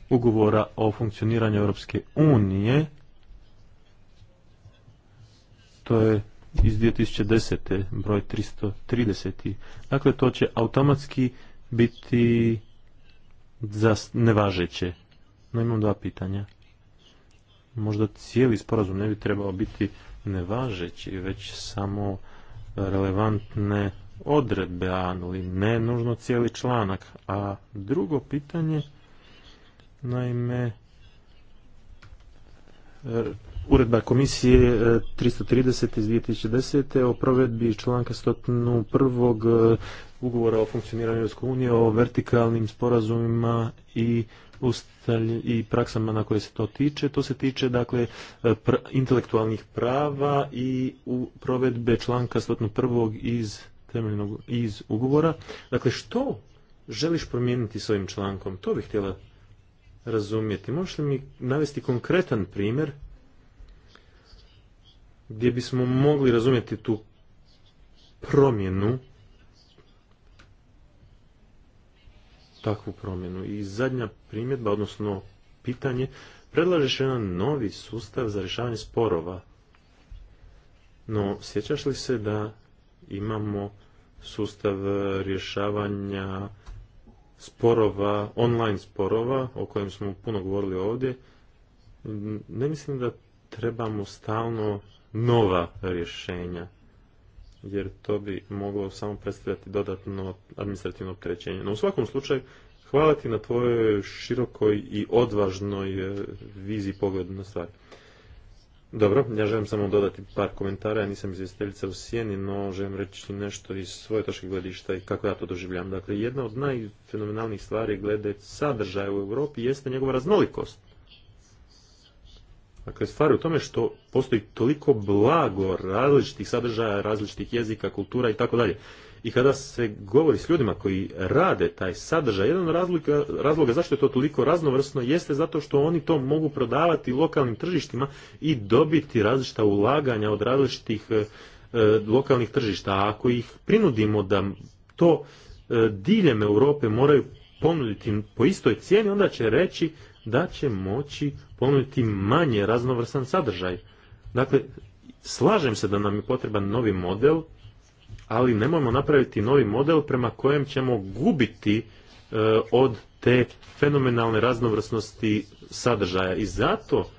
ugovora o funkcioniranju Europske unije to je iz 2010. broj 330. Dakle, to će automatski biti za nevažeće. No imam dva pitanja. Možda cijeli sporazum ne bi trebao biti nevažeći, već samo relevantne odredbe, ali ne nužno cijeli članak. A drugo pitanje, naime, uredba komisije 330 e, iz 2010. o provedbi članka 101. E, ugovora o funkcioniranju EU, unije o vertikalnim sporazumima i i praksama na koje se to tiče. To se tiče dakle e, intelektualnih prava i u provedbe članka 101. iz temeljnog iz ugovora. Dakle, što želiš promijeniti s ovim člankom? To bih htjela razumjeti. Možeš li mi navesti konkretan primjer gdje bismo mogli razumjeti tu promjenu takvu promjenu. I zadnja primjedba, odnosno pitanje, predlažeš jedan novi sustav za rješavanje sporova. No, sjećaš li se da imamo sustav rješavanja sporova, online sporova, o kojem smo puno govorili ovdje, ne mislim da trebamo stalno nova rješenja jer to bi moglo samo predstavljati dodatno administrativno opterećenje. No u svakom slučaju, hvala ti na tvojoj širokoj i odvažnoj e, viziji pogledu na stvari. Dobro, ja želim samo dodati par komentara, ja nisam izvjestiteljica u sjeni, no želim reći nešto iz svoje točke gledišta i kako ja to doživljam. Dakle, jedna od najfenomenalnijih stvari glede sadržaja u Europi jeste njegova raznolikost. Dakle, stvar u tome što postoji toliko blago različitih sadržaja, različitih jezika, kultura i tako dalje. I kada se govori s ljudima koji rade taj sadržaj, jedan od razloga, razloga zašto je to toliko raznovrsno jeste zato što oni to mogu prodavati lokalnim tržištima i dobiti različita ulaganja od različitih e, e, lokalnih tržišta. A ako ih prinudimo da to e, diljem Europe moraju ponuditi po istoj cijeni, onda će reći da će moći ponuditi manje raznovrsan sadržaj. Dakle, slažem se da nam je potreban novi model, ali nemojmo napraviti novi model prema kojem ćemo gubiti e, od te fenomenalne raznovrsnosti sadržaja. I zato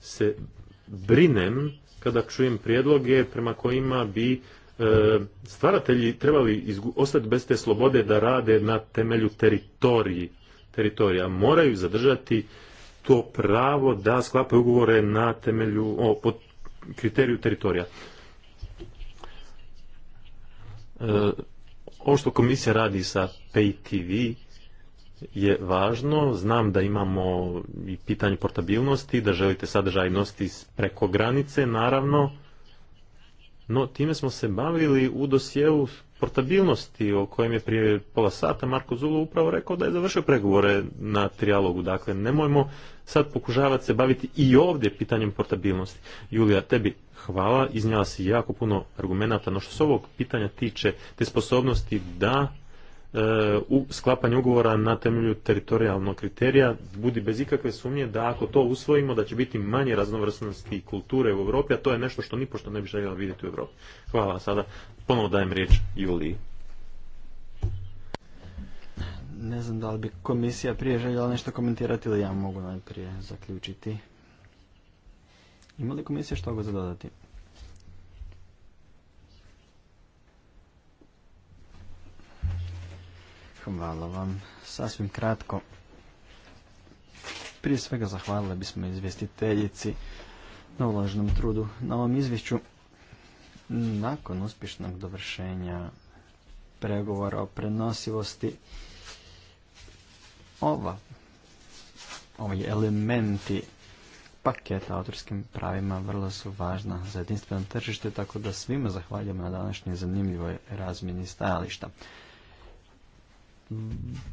se brinem kada čujem prijedloge prema kojima bi e, stvaratelji trebali ostati bez te slobode da rade na temelju teritoriji. teritorija. Moraju zadržati to pravo da sklapaju ugovore na temelju, o, pod kriteriju teritorija. E, ovo što komisija radi sa Pay TV je važno. Znam da imamo i pitanje portabilnosti, da želite sadržajnosti preko granice, naravno. No, time smo se bavili u dosjeu portabilnosti o kojem je prije pola sata Marko Zulu upravo rekao da je završio pregovore na trijalogu. Dakle, nemojmo sad pokušavati se baviti i ovdje pitanjem portabilnosti. Julija, tebi hvala, iznijela si jako puno argumenta no što se ovog pitanja tiče, te sposobnosti da E, u sklapanju ugovora na temelju teritorijalnog kriterija budi bez ikakve sumnje da ako to usvojimo da će biti manje raznovrsnosti kulture u Europi, a to je nešto što nipošto ne bi željela vidjeti u Europi. Hvala sada. Ponovo dajem riječ Juliji. Ne znam da li bi komisija prije željela nešto komentirati ili ja mogu najprije zaključiti. Ima li komisija što ga zadodati? Hvala vam. Sasvim kratko. Prije svega zahvalili bismo izvjestiteljici na uloženom trudu na ovom izvješću. Nakon uspješnog dovršenja pregovora o prenosivosti, ova, ovi elementi paketa autorskim pravima vrlo su važna za jedinstveno tržište, tako da svima zahvaljujemo na današnjoj zanimljivoj razmjeni stajališta.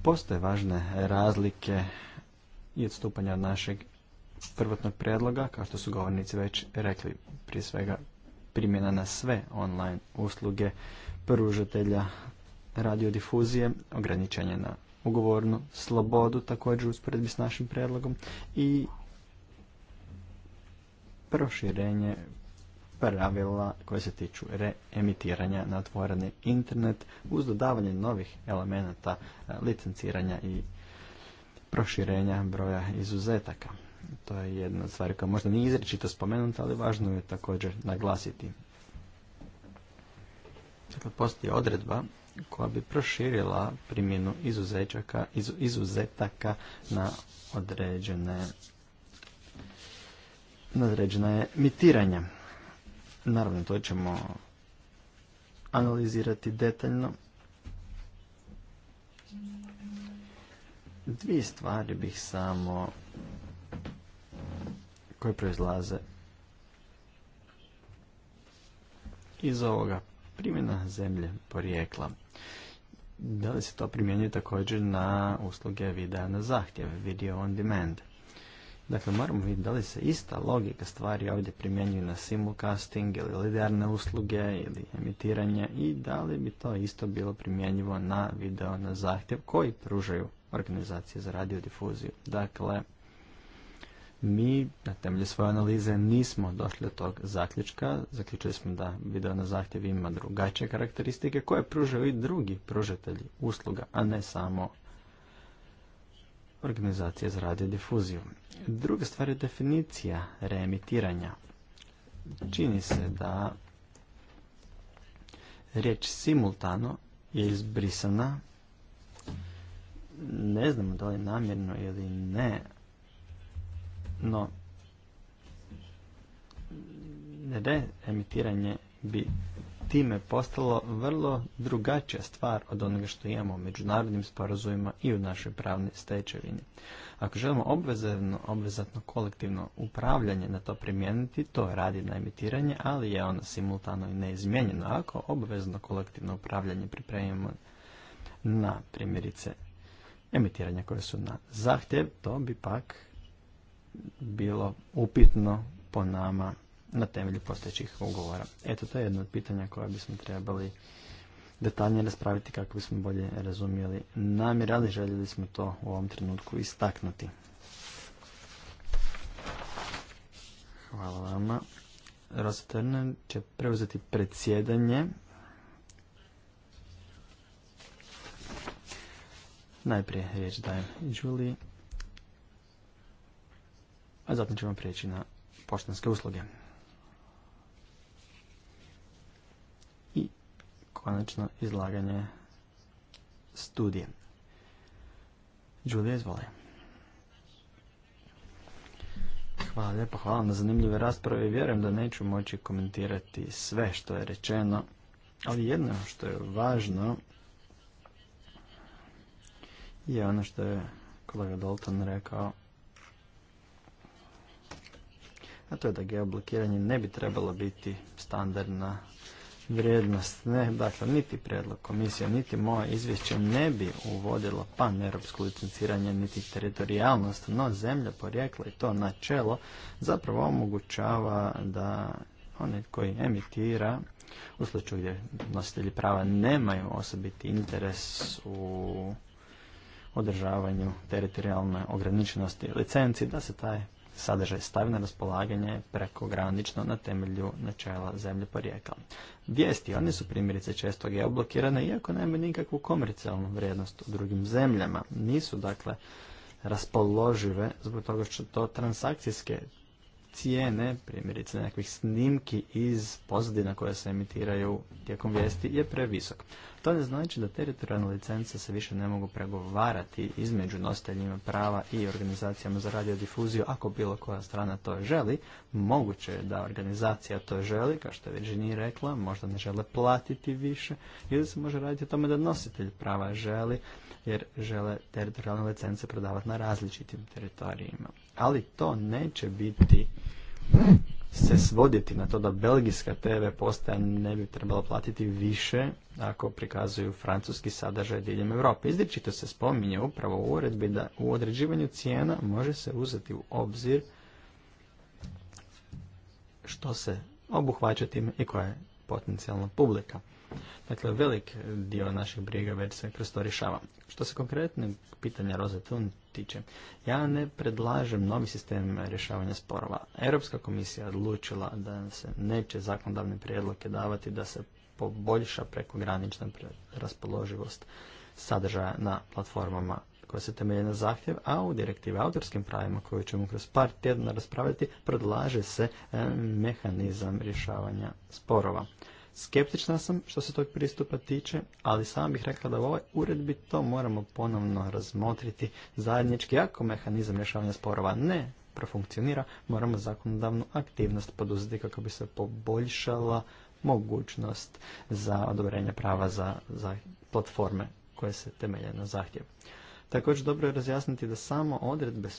Postoje važne razlike i odstupanja od našeg prvotnog prijedloga, kao što su govornici već rekli, prije svega primjena na sve online usluge pružatelja radiodifuzije, ograničenje na ugovornu slobodu također usporedbi s našim prijedlogom i proširenje pravila koje se tiču reemitiranja na otvoreni internet uz dodavanje novih elemenata e, licenciranja i proširenja broja izuzetaka. To je jedna stvar koja možda nije izrečito spomenuta, ali važno je također naglasiti. Dakle, postoji odredba koja bi proširila primjenu izuzetaka, izuzetaka na određene na određene emitiranja. Naravno, to ćemo analizirati detaljno. Dvije stvari bih samo koje proizlaze iz ovoga primjena zemlje porijekla. Da li se to primjenjuje također na usluge videa na zahtjev, video on demand? Dakle, moramo vidjeti da li se ista logika stvari ovdje primjenjuje na simulcasting ili lidarne usluge ili emitiranje i da li bi to isto bilo primjenjivo na video na zahtjev koji pružaju organizacije za radiodifuziju. Dakle, mi na temelju svoje analize nismo došli do tog zaključka. Zaključili smo da video na zahtjev ima drugačije karakteristike koje pružaju i drugi pružatelji usluga, a ne samo organizacije za radiodifuziju. Druga stvar je definicija reemitiranja. Čini se da riječ simultano je izbrisana. Ne znamo da li namjerno ili ne, no ne reemitiranje bi time postalo vrlo drugačija stvar od onoga što imamo u međunarodnim sporazumima i u našoj pravnoj stečevini. Ako želimo obvezatno, obvezatno kolektivno upravljanje na to primijeniti, to radi na emitiranje, ali je ono simultano i neizmijenjeno. Ako obvezno kolektivno upravljanje pripremimo na primjerice emitiranja koje su na zahtjev, to bi pak bilo upitno po nama na temelju postojećih ugovora. Eto, to je jedno od pitanja koje bismo trebali detaljnije raspraviti kako bismo bolje razumjeli namjer ali željeli smo to u ovom trenutku istaknuti. Hvala vama. Rosa Turner će preuzeti predsjedanje. Najprije riječ dajem Julie, a zatim ćemo prijeći na poštanske usluge. konačno izlaganje studije. Julia, izvoli. Hvala lijepo, hvala na zanimljive rasprave. Vjerujem da neću moći komentirati sve što je rečeno, ali jedno što je važno je ono što je kolega Dalton rekao. A to je da geoblokiranje ne bi trebalo biti standardna vrijednost. Ne, dakle, niti predlog komisije, niti moje izvješće ne bi uvodilo pan-europsko licenciranje, niti teritorijalnost, no zemlja porijekla i to načelo zapravo omogućava da onaj koji emitira, u slučaju gdje nositelji prava nemaju osobiti interes u održavanju teritorijalne ograničenosti licenci, da se taj sadržaj stavi na raspolaganje prekogranično na temelju načela zemlje porijekla. Vijesti, one su primjerice često geoblokirane, iako nema nikakvu komercijalnu vrijednost u drugim zemljama. Nisu, dakle, raspoložive zbog toga što to transakcijske cijene, primjerice nekakvih snimki iz pozadina koje se emitiraju tijekom vijesti, je previsok. To ne znači da teritorijalne licence se više ne mogu pregovarati između nositeljima prava i organizacijama za radiodifuziju ako bilo koja strana to želi. Moguće je da organizacija to želi, kao što je Virginia rekla, možda ne žele platiti više ili se može raditi o tome da nositelj prava želi jer žele teritorijalne licence prodavati na različitim teritorijima. Ali to neće biti se svoditi na to da belgijska TV postaje ne bi trebala platiti više ako prikazuju francuski sadržaj diljem Europe. Izričito se spominje upravo u uredbi da u određivanju cijena može se uzeti u obzir što se obuhvaća tim i koja je potencijalna publika. Dakle, velik dio naših briga već se kroz to rješava. Što se konkretne pitanja tun tiče, ja ne predlažem novi sistem rješavanja sporova. Europska komisija odlučila da se neće zakonodavne prijedloge davati da se poboljša prekogranična raspoloživost sadržaja na platformama koja se temelje na zahtjev, a u direktive autorskim pravima koju ćemo kroz par tjedna raspravljati predlaže se e, mehanizam rješavanja sporova. Skeptična sam što se tog pristupa tiče, ali sam bih rekla da u ovoj uredbi to moramo ponovno razmotriti zajednički. Ako mehanizam rješavanja sporova ne profunkcionira, moramo zakonodavnu aktivnost poduzeti kako bi se poboljšala mogućnost za odobrenje prava za, za platforme koje se temelje na zahtjev. Također dobro je razjasniti da samo odredbe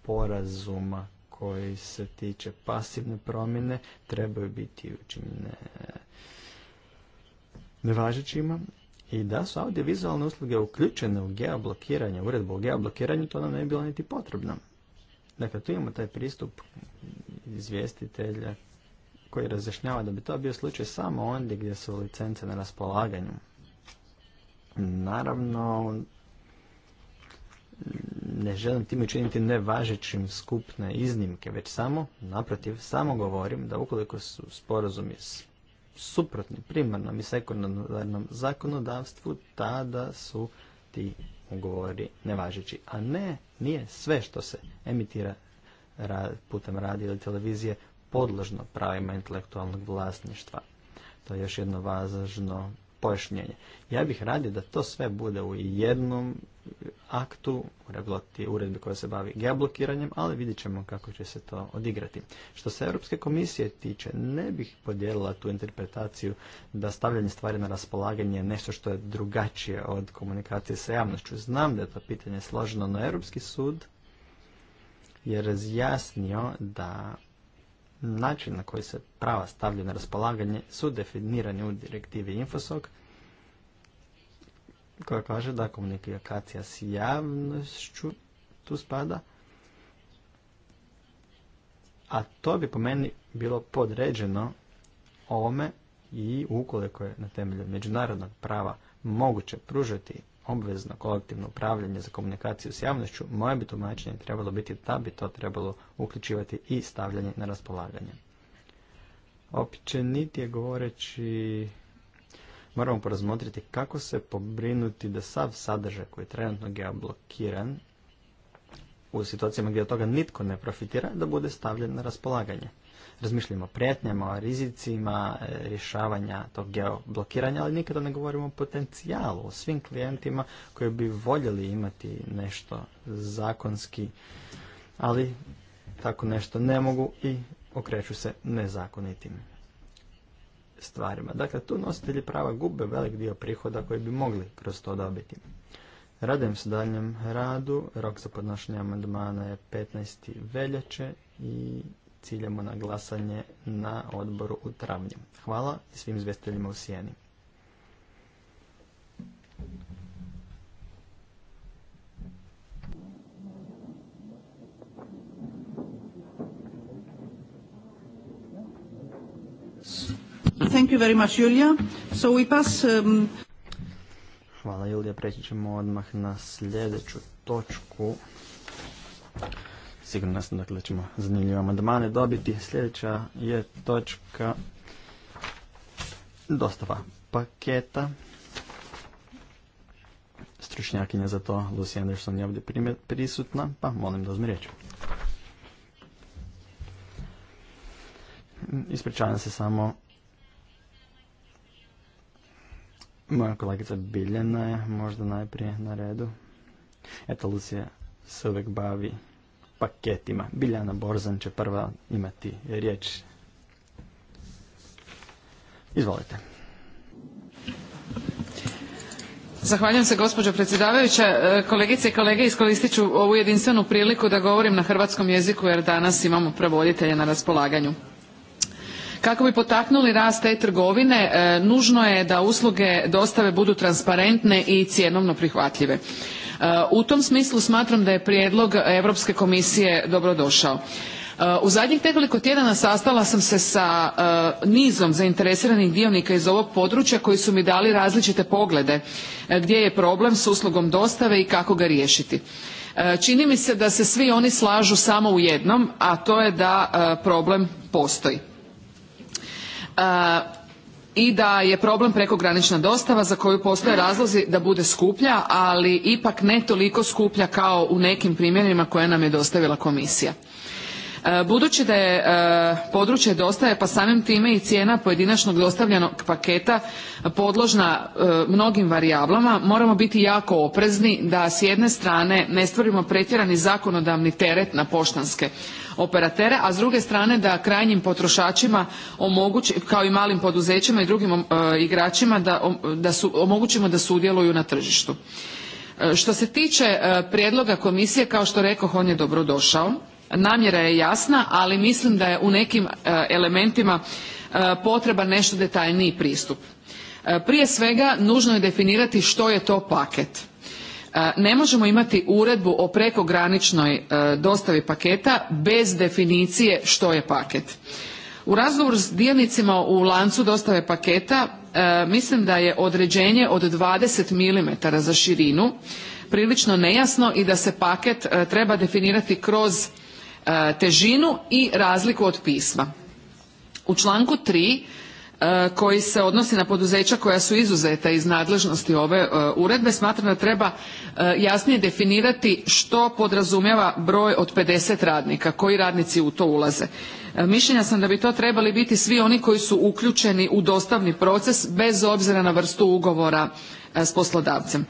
sporazuma koji se tiče pasivne promjene trebaju biti učinjene nevažećima i da su audiovizualne usluge uključene u geoblokiranje, uredbu o geoblokiranju, to nam ne bi bilo niti potrebno. Dakle, tu imamo taj pristup izvjestitelja koji razjašnjava da bi to bio slučaj samo ondje gdje su licence na raspolaganju. Naravno, ne želim time činiti nevažećim skupne iznimke, već samo, naprotiv, samo govorim da ukoliko su sporazumi suprotni primarnom i sekundarnom zakonodavstvu, tada su ti ugovori nevažeći. A ne, nije sve što se emitira putem radija ili televizije podložno pravima intelektualnog vlasništva. To je još jedno važno pojašnjenje. Ja bih radio da to sve bude u jednom aktu, regulati uredbi koja se bavi geoblokiranjem, ali vidjet ćemo kako će se to odigrati. Što se Europske komisije tiče, ne bih podijelila tu interpretaciju da stavljanje stvari na raspolaganje je nešto što je drugačije od komunikacije sa javnošću. Znam da je to pitanje složeno, no Europski sud je razjasnio da način na koji se prava stavljaju na raspolaganje su definirani u direktivi Infosoc, koja kaže da komunikacija s javnošću tu spada, a to bi po meni bilo podređeno ovome i ukoliko je na temelju međunarodnog prava moguće pružiti obvezno kolektivno upravljanje za komunikaciju s javnošću, moje bi tumačenje trebalo biti da bi to trebalo uključivati i stavljanje na raspolaganje. je govoreći moramo porazmotriti kako se pobrinuti da sav sadržaj koji je trenutno geoblokiran u situacijama gdje od toga nitko ne profitira, da bude stavljen na raspolaganje. Razmišljamo o prijetnjama, o rizicima, e, rješavanja tog geoblokiranja, ali nikada ne govorimo o potencijalu, o svim klijentima koji bi voljeli imati nešto zakonski, ali tako nešto ne mogu i okreću se nezakonitim stvarima. Dakle, tu nositelji prava gube velik dio prihoda koji bi mogli kroz to dobiti. Radujem se daljem radu, rok za podnošenje amandmana je 15. veljače i ciljamo na glasanje na odboru u travnju. Hvala svim izvjestiteljima u Sijeni. Thank you very much, Julia. So we pass, um, Hvala, Julija. Preći ćemo odmah na sljedeću točku. Sigurno nas, dakle, da ćemo zanimljive amandmane dobiti. Sljedeća je točka dostava paketa. Stručnjakinja za to, Lucy Anderson, je ovdje prisutna, pa molim da uzmi riječ. Ispričavam se samo Moja kolegica Biljana je možda najprije na redu. Eto, Lucija se uvijek bavi paketima. Biljana Borzan će prva imati riječ. Izvolite. Zahvaljujem se gospođo predsjedavajuća. E, kolegice i kolege, iskoristit ću ovu jedinstvenu priliku da govorim na hrvatskom jeziku jer danas imamo prevoditelje na raspolaganju kako bi potaknuli rast te trgovine e, nužno je da usluge dostave budu transparentne i cjenovno prihvatljive e, u tom smislu smatram da je prijedlog europske komisije došao. E, u zadnjih nekoliko tjedana sastala sam se sa nizom zainteresiranih dionika iz ovog područja koji su mi dali različite poglede gdje je problem s uslugom dostave i kako ga riješiti čini mi se da se svi oni slažu samo u jednom a to je da problem postoji E, i da je problem prekogranična dostava za koju postoje razlozi da bude skuplja ali ipak ne toliko skuplja kao u nekim primjerima koje nam je dostavila komisija. E, budući da je e, područje dostave pa samim time i cijena pojedinačnog dostavljenog paketa podložna e, mnogim varijablama moramo biti jako oprezni da s jedne strane ne stvorimo pretjerani zakonodavni teret na poštanske operatere, a s druge strane da krajnjim potrošačima omogući, kao i malim poduzećima i drugim igračima da, omogućimo da sudjeluju na tržištu. Što se tiče prijedloga komisije, kao što rekoh, on je dobrodošao namjera je jasna ali mislim da je u nekim e, elementima e, potreban nešto detaljniji pristup e, prije svega nužno je definirati što je to paket ne možemo imati uredbu o prekograničnoj dostavi paketa bez definicije što je paket u razgovoru s dionicima u lancu dostave paketa mislim da je određenje od 20 mm za širinu prilično nejasno i da se paket treba definirati kroz E, težinu i razliku od pisma. U članku 3 e, koji se odnosi na poduzeća koja su izuzeta iz nadležnosti ove e, uredbe smatram da treba jasnije definirati što podrazumijeva broj od 50 radnika, koji radnici u to ulaze. Mišljenja sam da bi to trebali biti svi oni koji su uključeni u dostavni proces bez obzira na vrstu ugovora s poslodavcem.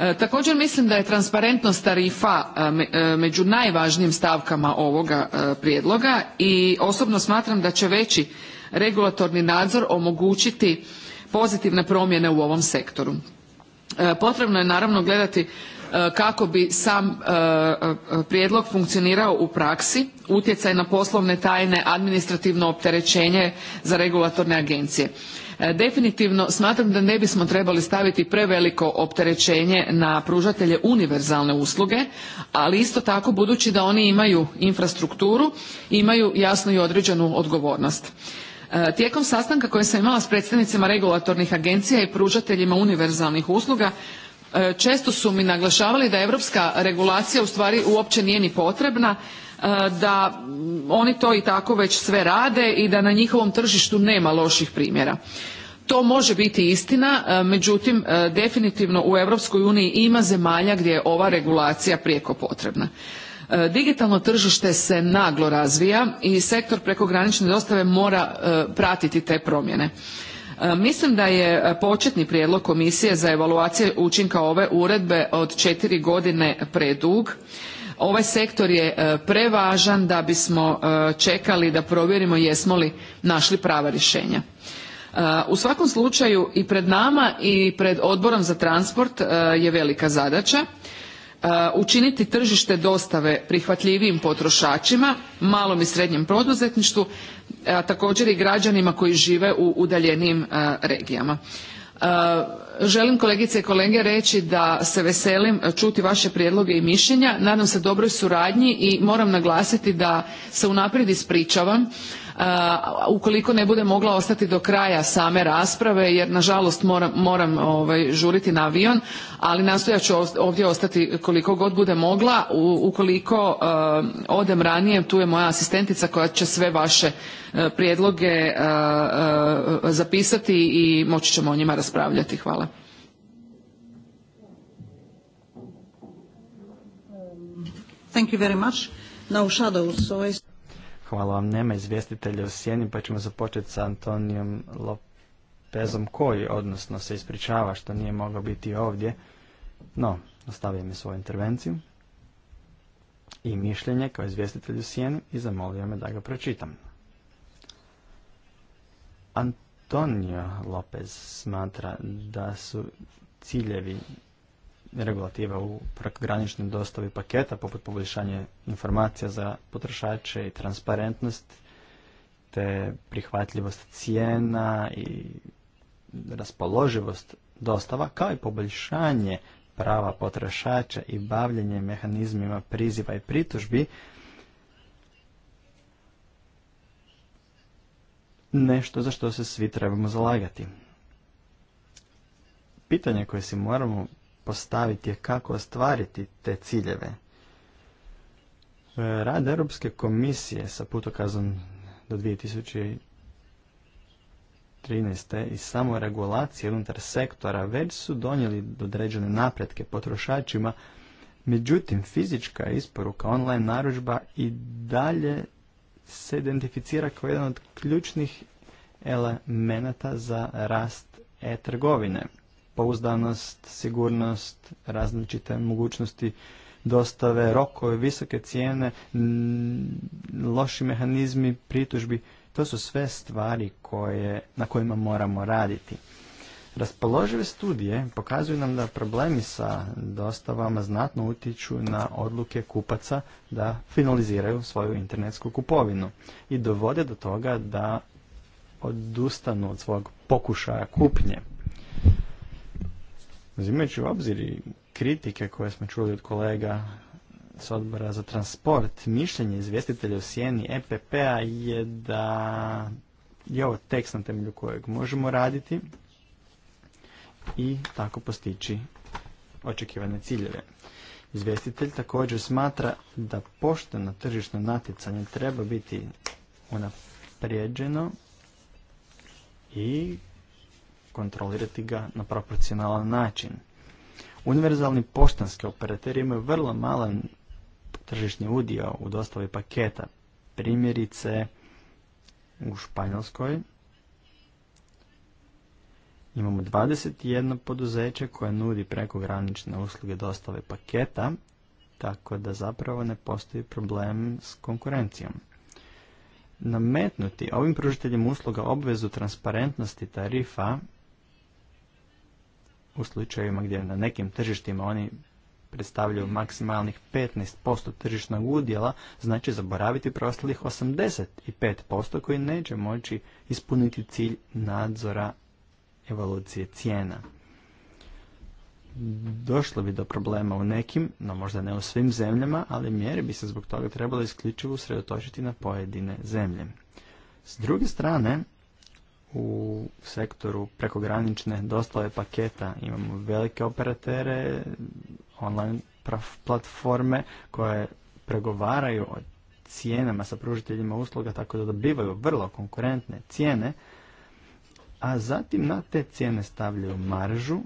E, također mislim da je transparentnost tarifa e, e, među najvažnijim stavkama ovoga prijedloga i osobno smatram da će veći regulatorni nadzor omogućiti pozitivne promjene u ovom sektoru. Potrebno je naravno gledati kako bi sam prijedlog funkcionirao u praksi, utjecaj na poslovne tajne, administrativno opterećenje za regulatorne agencije. E, definitivno smatram da ne bismo trebali staviti preveliko opterećenje na pružatelje univerzalne usluge, ali isto tako budući da oni imaju infrastrukturu, imaju jasno i određenu odgovornost. E, tijekom sastanka koji sam imala s predstavnicima regulatornih agencija i pružateljima univerzalnih usluga e, često su mi naglašavali da europska regulacija ustvari uopće nije ni potrebna E, da oni to i tako već sve rade i da na njihovom tržištu nema loših primjera. To može biti istina, e, međutim e, definitivno u Europskoj uniji ima zemalja gdje je ova regulacija prijeko potrebna. Digitalno tržište se naglo razvija i sektor prekogranične dostave mora pratiti te promjene. Mislim da je početni prijedlog Komisije za evaluaciju učinka ove uredbe od četiri godine predug Ovaj sektor je e, prevažan da bismo e, čekali da provjerimo jesmo li našli prava rješenja. E, u svakom slučaju i pred nama i pred Odborom za transport je velika zadaća učiniti tržište dostave prihvatljivijim potrošačima, malom i srednjem poduzetništvu, a također i građanima koji žive u udaljenijim regijama želim kolegice i kolege reći da se veselim čuti vaše prijedloge i mišljenja nadam se dobroj suradnji i moram naglasiti da se unaprijed ispričavam ukoliko ne bude mogla ostati do kraja same rasprave jer nažalost moram, moram ovaj, žuriti na avion, ali nastojat ću ovdje ostati koliko god bude mogla. ukoliko odem ranije, tu je moja asistentica koja će sve vaše e, prijedloge zapisati i moći ćemo o njima raspravljati. Hvala. Thank Hvala vam, nema izvjestitelja u sjeni, pa ćemo započeti sa Antonijom Lopezom koji, odnosno, se ispričava što nije mogao biti ovdje. No, ostavio mi svoju intervenciju i mišljenje kao izvjestitelj u sjeni i zamolio me da ga pročitam. Antonio Lopez smatra da su ciljevi regulativa u prekograničnim dostavi paketa, poput poboljšanje informacija za potrošače i transparentnost, te prihvatljivost cijena i raspoloživost dostava, kao i poboljšanje prava potrošača i bavljenje mehanizmima priziva i pritužbi, nešto za što se svi trebamo zalagati. Pitanje koje si moramo postaviti je kako ostvariti te ciljeve. E, rad Europske komisije sa putokazom do 2013. i samo regulacije unutar sektora već su donijeli određene napretke potrošačima, međutim fizička isporuka online narudžba i dalje se identificira kao jedan od ključnih elemenata za rast e-trgovine pouzdanost, sigurnost, različite mogućnosti dostave, rokovi, visoke cijene, loši mehanizmi pritužbi, to su sve stvari koje, na kojima moramo raditi. Raspoložive studije pokazuju nam da problemi sa dostavama znatno utiču na odluke kupaca da finaliziraju svoju internetsku kupovinu i dovode do toga da odustanu od svog pokušaja kupnje. Uzimajući u obzir i kritike koje smo čuli od kolega s odbora za transport, mišljenje izvjestitelja u sjeni EPP-a je da je ovo tekst na temelju kojeg možemo raditi i tako postići očekivane ciljeve. Izvjestitelj također smatra da pošteno tržišno natjecanje treba biti unaprijeđeno i kontrolirati ga na proporcionalan način. Univerzalni poštanski operateri imaju vrlo malen tržišni udio u dostavi paketa. Primjerice u Španjolskoj imamo 21 poduzeće koje nudi prekogranične usluge dostave paketa, tako da zapravo ne postoji problem s konkurencijom. Nametnuti ovim pružiteljem usluga obvezu transparentnosti tarifa u slučajevima gdje na nekim tržištima oni predstavljaju maksimalnih 15% tržišnog udjela, znači zaboraviti preostalih 85% koji neće moći ispuniti cilj nadzora evolucije cijena. Došlo bi do problema u nekim, no možda ne u svim zemljama, ali mjere bi se zbog toga trebalo isključivo usredotočiti na pojedine zemlje. S druge strane, u sektoru prekogranične dostave paketa. Imamo velike operatere, online platforme koje pregovaraju o cijenama sa pružiteljima usluga tako da dobivaju vrlo konkurentne cijene, a zatim na te cijene stavljaju maržu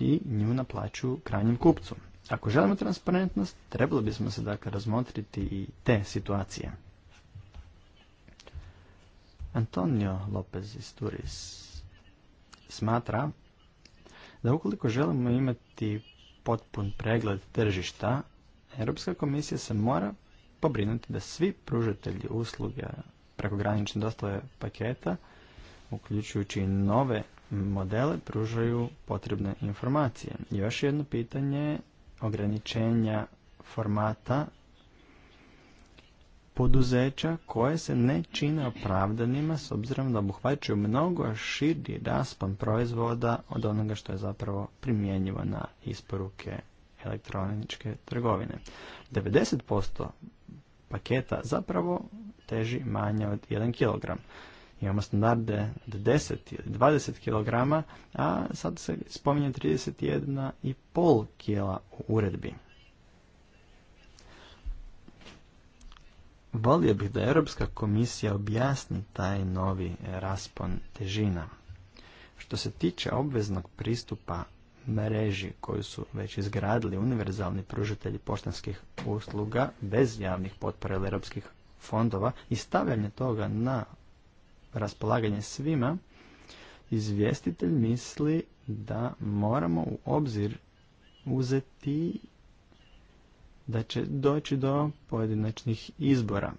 i nju naplaćuju krajnjem kupcu. Ako želimo transparentnost, trebalo bismo se dakle razmotriti i te situacije. Antonio Lopez Turis smatra da ukoliko želimo imati potpun pregled tržišta, Europska komisija se mora pobrinuti da svi pružatelji usluge prekogranične dostave paketa, uključujući nove modele, pružaju potrebne informacije. Još jedno pitanje ograničenja formata poduzeća koje se ne čine opravdanima s obzirom da obuhvaćaju mnogo širi raspon proizvoda od onoga što je zapravo primjenjivo na isporuke elektroničke trgovine. 90% paketa zapravo teži manje od 1 kg. Imamo standarde od 10 ili 20 kg, a sad se spominje 31,5 kg u uredbi. Volio bih da Europska komisija objasni taj novi raspon težina. Što se tiče obveznog pristupa mreži koju su već izgradili univerzalni pružitelji poštanskih usluga bez javnih potpora ili europskih fondova i stavljanje toga na raspolaganje svima, izvjestitelj misli da moramo u obzir uzeti da će doći do pojedinačnih izbora.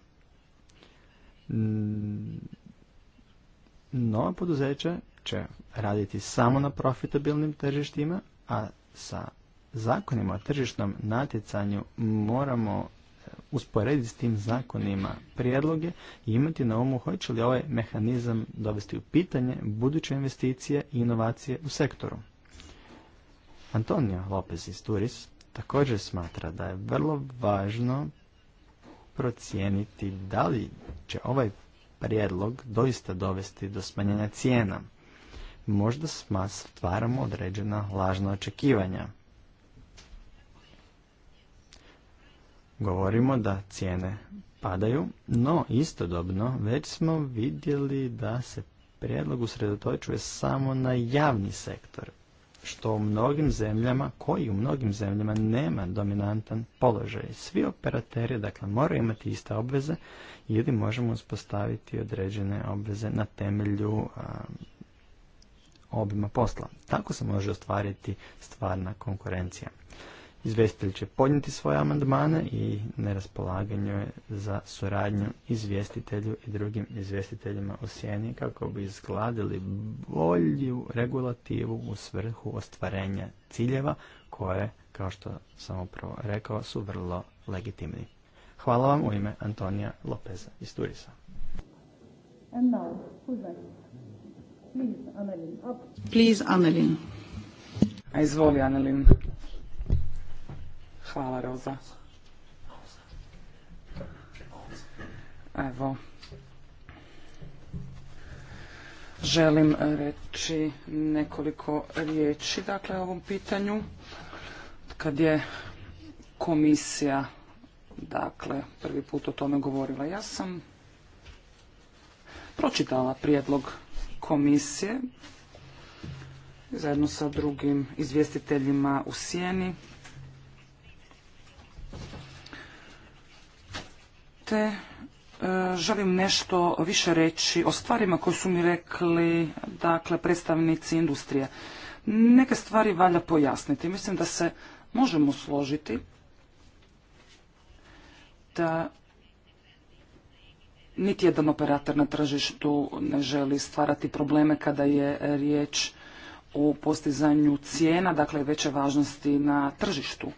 Nova poduzeća će raditi samo na profitabilnim tržištima, a sa zakonima o tržišnom natjecanju moramo e, usporediti s tim zakonima prijedloge i imati na umu hoće li ovaj mehanizam dovesti u pitanje buduće investicije i inovacije u sektoru. Antonio Lopez iz Turis također smatra da je vrlo važno procijeniti da li će ovaj prijedlog doista dovesti do smanjenja cijena. Možda smo stvaramo određena lažna očekivanja. Govorimo da cijene padaju, no istodobno već smo vidjeli da se prijedlog usredotočuje samo na javni sektor što u mnogim zemljama, koji u mnogim zemljama nema dominantan položaj. Svi operateri, dakle, moraju imati iste obveze ili možemo uspostaviti određene obveze na temelju obima posla. Tako se može ostvariti stvarna konkurencija. Izvjestitelj će podnijeti svoje amandmane i na raspolaganju je za suradnju izvjestitelju i drugim izvjestiteljima u sjeni kako bi izgladili bolju regulativu u svrhu ostvarenja ciljeva koje, kao što sam upravo rekao, su vrlo legitimni. Hvala vam u ime Antonija Lopeza iz Turisa. Please, Annelin. Izvoli, Annelin. Hvala Roza. Evo. Želim reći nekoliko riječi dakle o ovom pitanju. Kad je komisija dakle prvi put o tome govorila ja sam pročitala prijedlog komisije zajedno sa drugim izvjestiteljima u sjeni te e, želim nešto više reći o stvarima koje su mi rekli dakle, predstavnici industrije. Neke stvari valja pojasniti. Mislim da se možemo složiti da niti jedan operator na tržištu ne želi stvarati probleme kada je riječ o postizanju cijena, dakle veće važnosti na tržištu.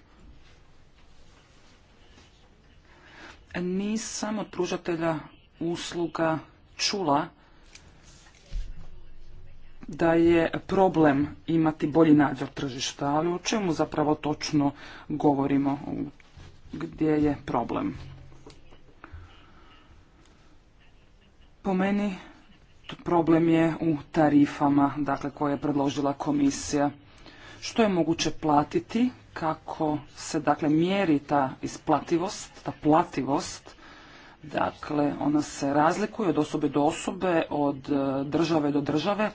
nisam od pružatelja usluga čula da je problem imati bolji nadzor tržišta, ali o čemu zapravo točno govorimo, gdje je problem? Po meni problem je u tarifama, dakle koje je predložila komisija. Što je moguće platiti kako se dakle mjeri ta isplativost, ta plativost, dakle ona se razlikuje od osobe do osobe, od e, države do države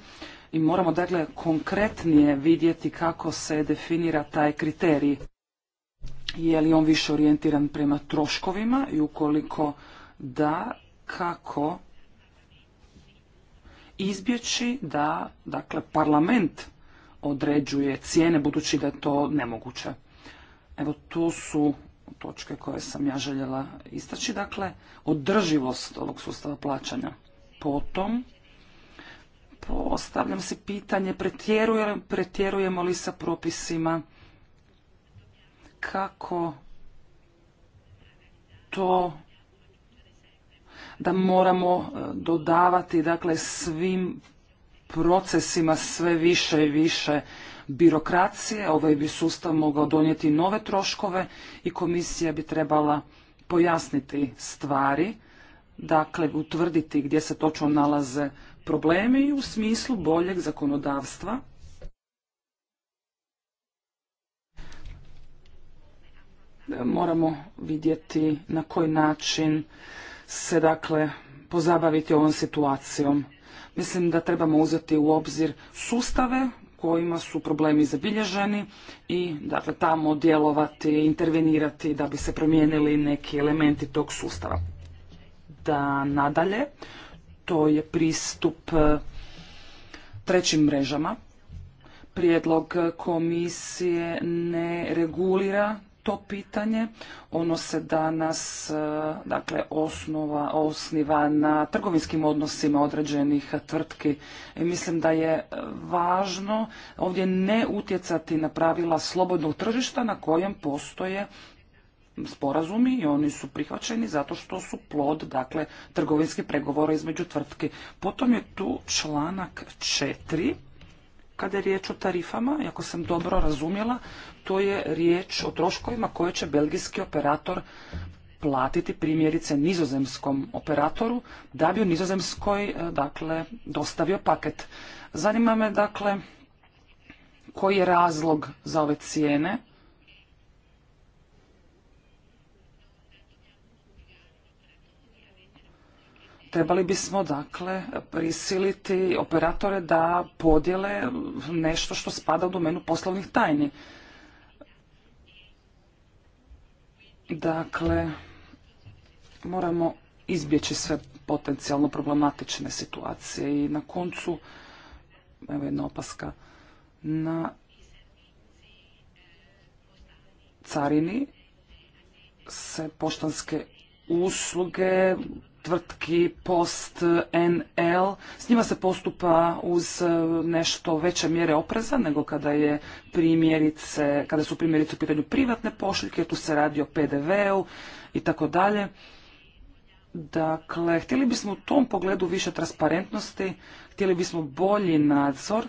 i moramo dakle konkretnije vidjeti kako se definira taj kriterij. Je li on više orijentiran prema troškovima i ukoliko da, kako izbjeći da dakle parlament određuje cijene, budući da je to nemoguće. Evo, tu su točke koje sam ja željela istaći. Dakle, održivost ovog sustava plaćanja. Potom, postavljam se pitanje, pretjerujemo, pretjerujemo li sa propisima kako to da moramo e, dodavati dakle svim procesima sve više i više birokracije, ovaj bi sustav mogao donijeti nove troškove i komisija bi trebala pojasniti stvari, dakle utvrditi gdje se točno nalaze problemi i u smislu boljeg zakonodavstva moramo vidjeti na koji način se dakle pozabaviti ovom situacijom. Mislim da trebamo uzeti u obzir sustave kojima su problemi zabilježeni i dakle tamo djelovati, intervenirati da bi se promijenili neki elementi tog sustava. Da nadalje, to je pristup e, trećim mrežama. Prijedlog komisije ne regulira to pitanje. Ono se danas e, dakle, osnova, osniva na trgovinskim odnosima određenih tvrtki. I mislim da je važno ovdje ne utjecati na pravila slobodnog tržišta na kojem postoje sporazumi i oni su prihvaćeni zato što su plod dakle trgovinskih pregovora između tvrtki. Potom je tu članak četiri kada je riječ o tarifama, ako sam dobro razumjela, to je riječ o troškovima koje će belgijski operator platiti primjerice nizozemskom operatoru da bi u nizozemskoj e, dakle, dostavio paket. Zanima me dakle koji je razlog za ove cijene Trebali bismo dakle prisiliti operatore da podjele nešto što spada u domenu poslovnih tajni. Dakle, moramo izbjeći sve potencijalno problematične situacije i na koncu, evo jedna opaska, na carini se poštanske usluge tvrtki Post NL. S njima se postupa uz e, nešto veće mjere opreza nego kada je primjerice, kada su primjerice u pitanju privatne pošiljke, tu se radi o PDV-u i tako dalje. Dakle, htjeli bismo u tom pogledu više transparentnosti, htjeli bismo bolji nadzor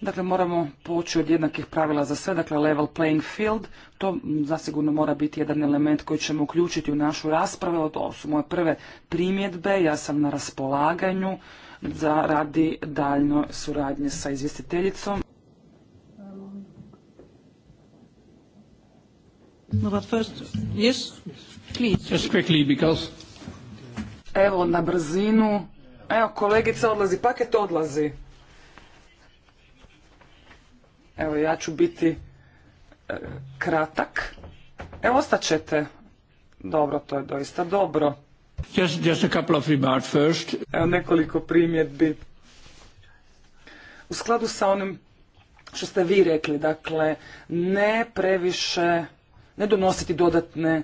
Dakle, moramo poći od jednakih pravila za sve, dakle level playing field, to zasigurno mora biti jedan element koji ćemo uključiti u našu raspravu, to su moje prve primjedbe, ja sam na raspolaganju za radi daljno suradnje sa izvjestiteljicom. Evo na brzinu, evo kolegica odlazi, paket odlazi. Evo ja ću biti e, kratak. Evo ćete. Dobro, to je doista dobro. Evo nekoliko primjedbi. U skladu sa onim što ste vi rekli, dakle, ne previše, ne donositi dodatne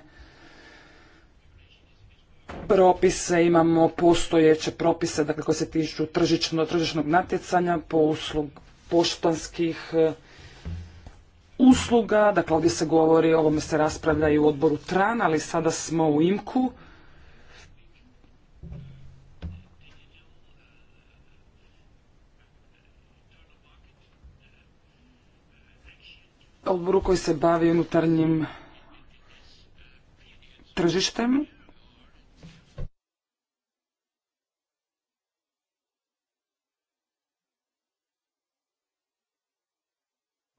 propise, imamo postojeće propise, dakle, koje se tiču tržično, tržišnog natjecanja, po uslug poštanskih e, usluga, dakle ovdje se govori, o ovome se raspravlja i u odboru TRAN, ali sada smo u IMKU. Odboru koji se bavi unutarnjim tržištem.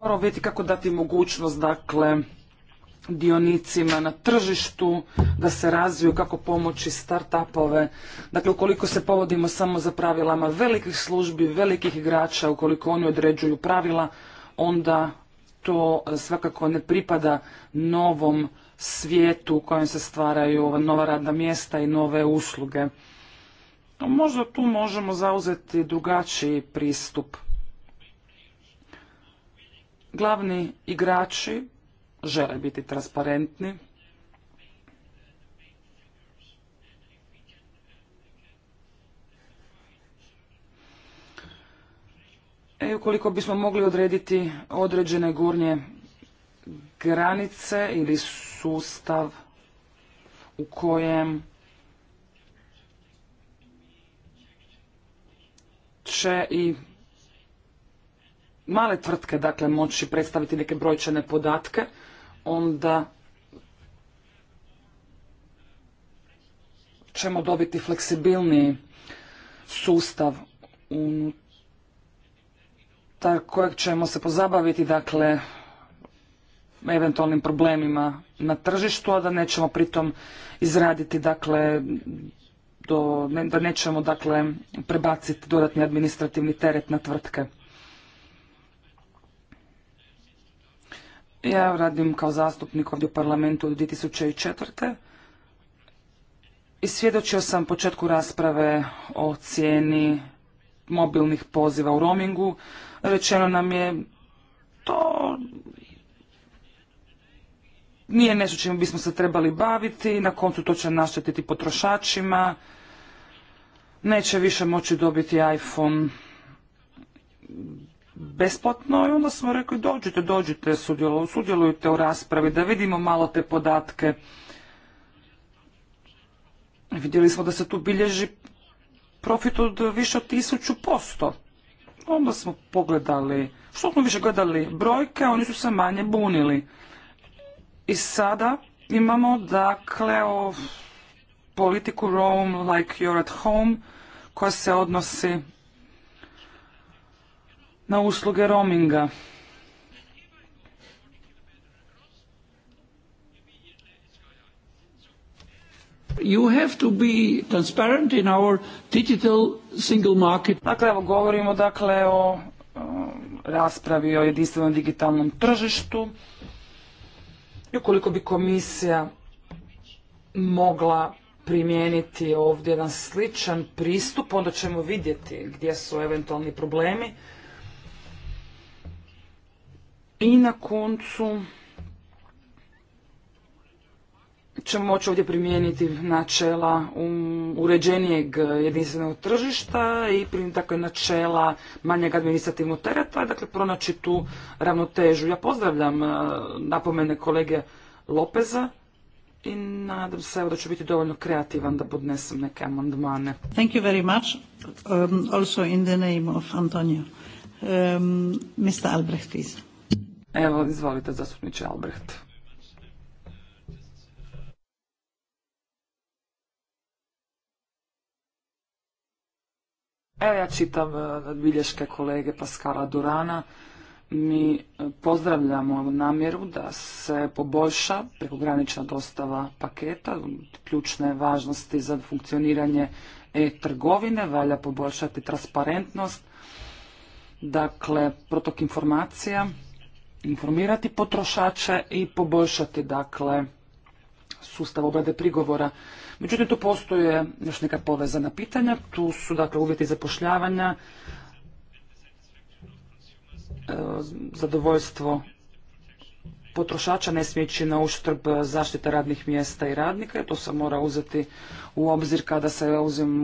moramo vidjeti kako dati mogućnost dakle dionicima na tržištu da se razviju kako pomoći start-upove. Dakle, ukoliko se povodimo samo za pravilama velikih službi, velikih igrača, ukoliko oni određuju pravila, onda to svakako ne pripada novom svijetu u kojem se stvaraju nova radna mjesta i nove usluge. možda tu možemo zauzeti drugačiji pristup. Glavni igrači žele biti transparentni. e, ukoliko bismo mogli odrediti određene gurnje granice ili sustav u kojem će i male tvrtke dakle moći predstaviti neke brojčane podatke, onda ćemo dobiti fleksibilni sustav unutar kojeg ćemo se pozabaviti dakle eventualnim problemima na tržištu, a da nećemo pritom izraditi dakle do, ne, da nećemo dakle prebaciti dodatni administrativni teret na tvrtke. Ja radim kao zastupnik ovdje u parlamentu od 2004. I svjedočio sam početku rasprave o cijeni mobilnih poziva u roamingu. Rečeno nam je to nije nešto čim bismo se trebali baviti, na koncu to će naštetiti potrošačima, neće više moći dobiti iPhone besplatno i onda smo rekli dođite, dođite, sudjelujte u raspravi da vidimo malo te podatke. Vidjeli smo da se tu bilježi profit od više od tisuću posto. Onda smo pogledali, što smo više gledali brojke, oni su se manje bunili. I sada imamo dakle o politiku Rome like you're at home koja se odnosi na usluge roaminga. You have to be transparent in our digital single market. Dakle, evo govorimo dakle o, o raspravi o jedinstvenom digitalnom tržištu. I ukoliko bi komisija mogla primijeniti ovdje jedan sličan pristup, onda ćemo vidjeti gdje su eventualni problemi i na koncu ćemo moći ovdje primijeniti načela uređenijeg jedinstvenog tržišta i je dakle, načela manjeg administrativnog tereta, dakle pronaći tu ravnotežu. Ja pozdravljam e, napomene kolege Lopeza i nadam se evo, da ću biti dovoljno kreativan da podnesem neke amandmane. Thank you very much. Um, also in the name of Antonio. Mr. Um, Albrecht, please. Evo, izvolite, zastupniče Albrecht. Evo ja čitam e, bilješke kolege Paskala Durana. Mi e, pozdravljamo namjeru da se poboljša prekogranična dostava paketa, ključne važnosti za funkcioniranje e-trgovine, valja poboljšati transparentnost, dakle protok informacija informirati potrošače i poboljšati dakle sustav obrade prigovora. Međutim, tu postoje još neka povezana pitanja, tu su dakle uvjeti zapošljavanja, e, zadovoljstvo potrošača ne smije ići na uštrb zaštite radnih mjesta i radnika to se mora uzeti u obzir kada se,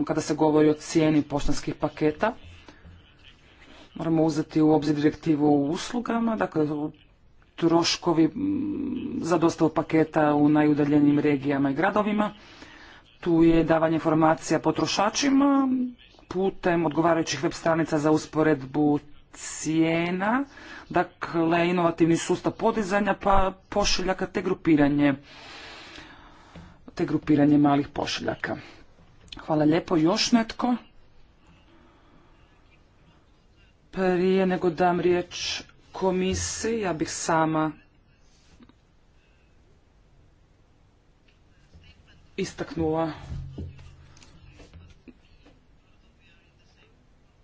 kada se govori o cijeni poštanskih paketa. Moramo uzeti u obzir direktivu u uslugama, dakle troškovi za dostavu paketa u najudaljenijim regijama i gradovima. Tu je davanje informacija potrošačima putem odgovarajućih web stranica za usporedbu cijena, dakle inovativni sustav podizanja pa pošiljaka te grupiranje te grupiranje malih pošiljaka. Hvala lijepo. Još netko? Prije nego dam riječ komisiji, ja bih sama istaknula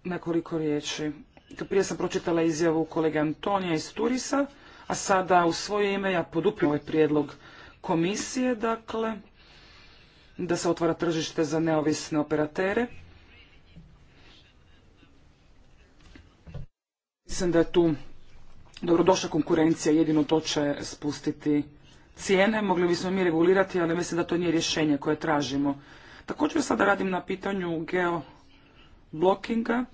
nekoliko riječi. Prije sam pročitala izjavu kolege Antonija iz Turisa, a sada u svoje ime ja podupim ovaj prijedlog komisije, dakle, da se otvara tržište za neovisne operatere. Mislim da je tu dobrodošla konkurencija, jedino to će spustiti cijene. Mogli bismo mi regulirati, ali mislim da to nije rješenje koje tražimo. Također sada radim na pitanju geoblokinga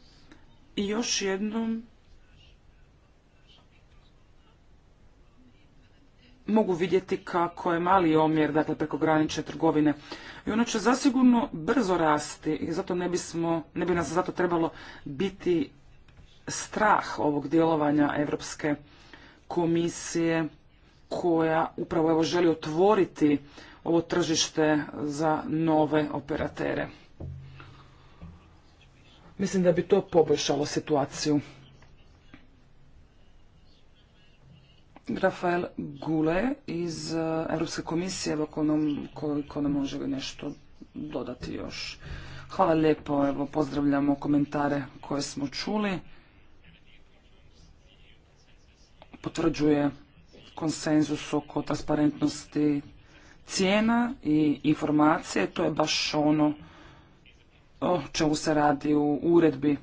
i još jednom mogu vidjeti kako je mali omjer, dakle preko granične trgovine. I ono će zasigurno brzo rasti i zato ne bismo, ne bi nas zato trebalo biti strah ovog djelovanja Europske komisije koja upravo evo želi otvoriti ovo tržište za nove operatere. Mislim da bi to poboljšalo situaciju. Rafael Gule iz Europske komisije, evo koliko nam može nešto dodati još. Hvala lijepo, pozdravljamo komentare koje smo čuli. potvrđuje konsenzus oko transparentnosti cijena i informacije. To je baš ono o čemu se radi u uredbi.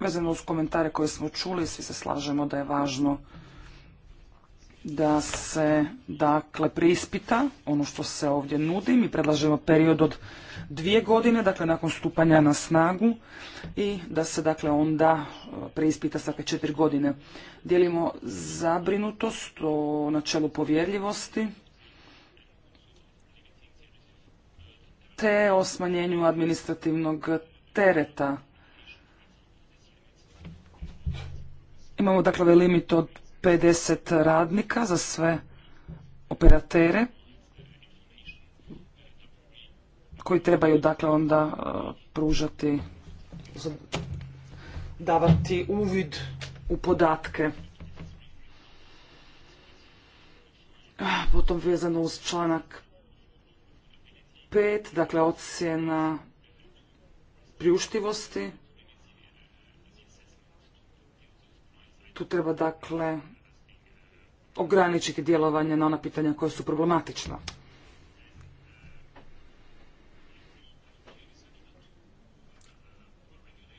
Vezano uz komentare koje smo čuli, svi se slažemo da je važno da se dakle preispita ono što se ovdje nudi. Mi predlažemo period od dvije godine, dakle nakon stupanja na snagu i da se dakle onda e, preispita svake četiri godine. Dijelimo zabrinutost o načelu povjerljivosti te o smanjenju administrativnog tereta. Imamo dakle ovaj limit od 50 radnika za sve operatere koji trebaju dakle onda uh, pružati davati uvid u podatke. Potom vezano uz članak 5, dakle ocjena priuštivosti. Tu treba dakle ograničiti djelovanje na ona pitanja koja su problematična.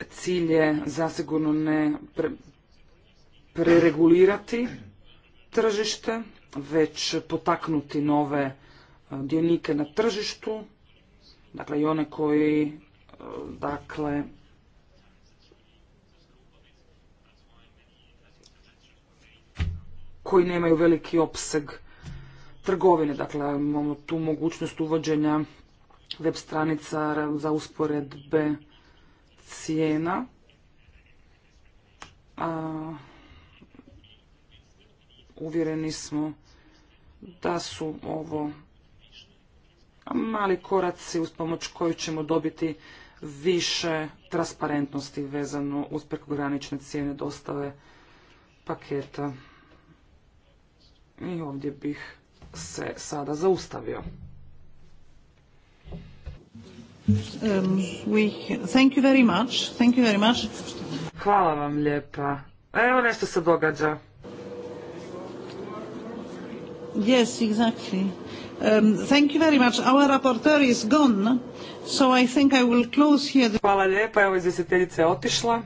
Cilj je zasigurno ne preregulirati tržište, već potaknuti nove e, dionike na tržištu, dakle i one koji e, dakle koji nemaju veliki opseg trgovine. Dakle, imamo tu mogućnost uvođenja web stranica za usporedbe cijena. uvjereni smo da su ovo mali koraci uz pomoć koju ćemo dobiti više transparentnosti vezano uz prekogranične cijene dostave paketa. I ovdje bih se sada zaustavio. Hvala vam lijepa. Evo nešto se događa. Yes, exactly. Um, thank you very much. Our rapporteur is gone, so I think I will close here. Hvala lijepa, evo izvjestiteljica je otišla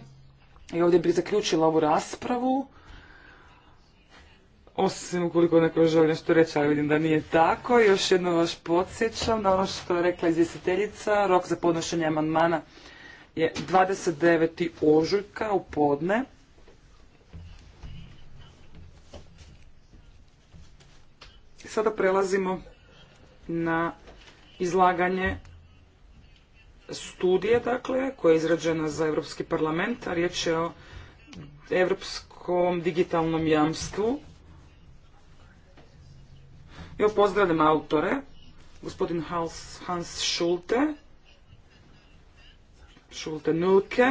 i ovdje bih zaključila ovu raspravu osim ukoliko neko želi nešto reći, ali vidim da nije tako. Još jedno vas podsjećam na ono što je rekla izvjestiteljica, rok za podnošenje amandmana je 29. ožujka u podne. Sada prelazimo na izlaganje studije, dakle, koja je izrađena za Europski parlament, a riječ je o Europskom digitalnom jamstvu. Ja pozdravljam autore, gospodin Hans, Hans Schulte, Schulte Nulke.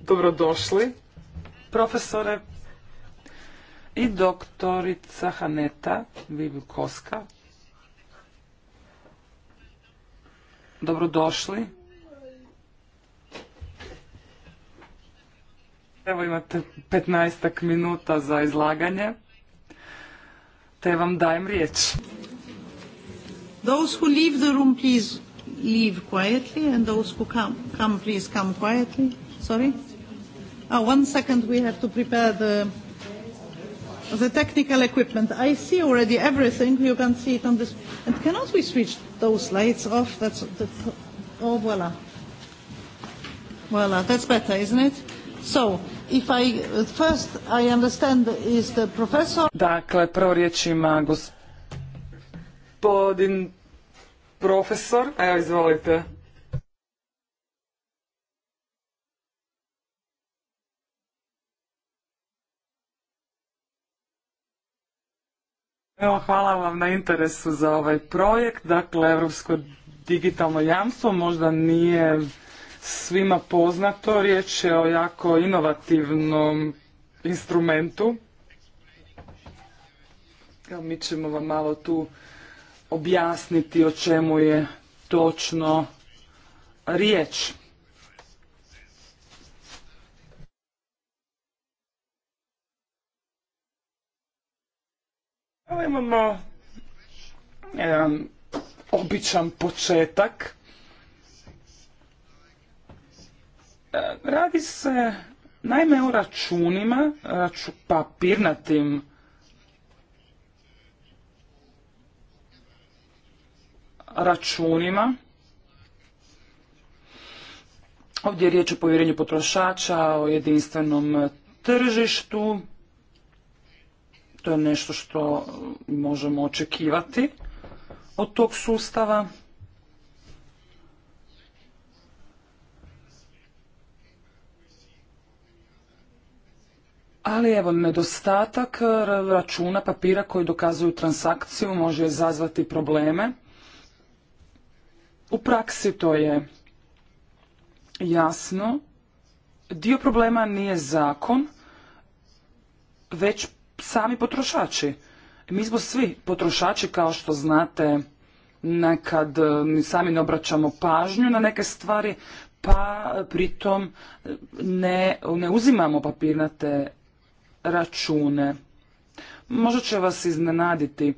Dobrodošli, profesore i doktorica Haneta Koska. Dobrodošli. Evo imate 15 minuta za izlaganje te vam dajem riječ. Those who leave the room, please leave quietly, and those who come, come please come quietly. Sorry. Oh one second, we have to prepare the the technical equipment. I see already everything. You can see it on this. And cannot we switch those lights off? That's, that's oh, voila. Voila, that's better, isn't it? So, i, first I understand is the professor... Dakle, prvo riječ ima gospodin profesor. Evo, izvolite. Evo, hvala vam na interesu za ovaj projekt. Dakle, Europsko digitalno jamstvo možda nije svima poznato. Riječ je o jako inovativnom instrumentu. Evo, mi ćemo vam malo tu objasniti o čemu je točno riječ. imamo jedan običan početak Radi se naime o računima, papirnatim računima. Ovdje je riječ o povjerenju potrošača, o jedinstvenom tržištu. To je nešto što možemo očekivati od tog sustava. ali evo nedostatak e, računa papira koji dokazuju transakciju može izazvati probleme. U praksi to je jasno. Dio problema nije zakon, već sami potrošači. Mi smo svi potrošači, kao što znate, nekad e, sami ne obraćamo pažnju na neke stvari, pa pritom e, ne, ne uzimamo papirnate račune. Možda će vas iznenaditi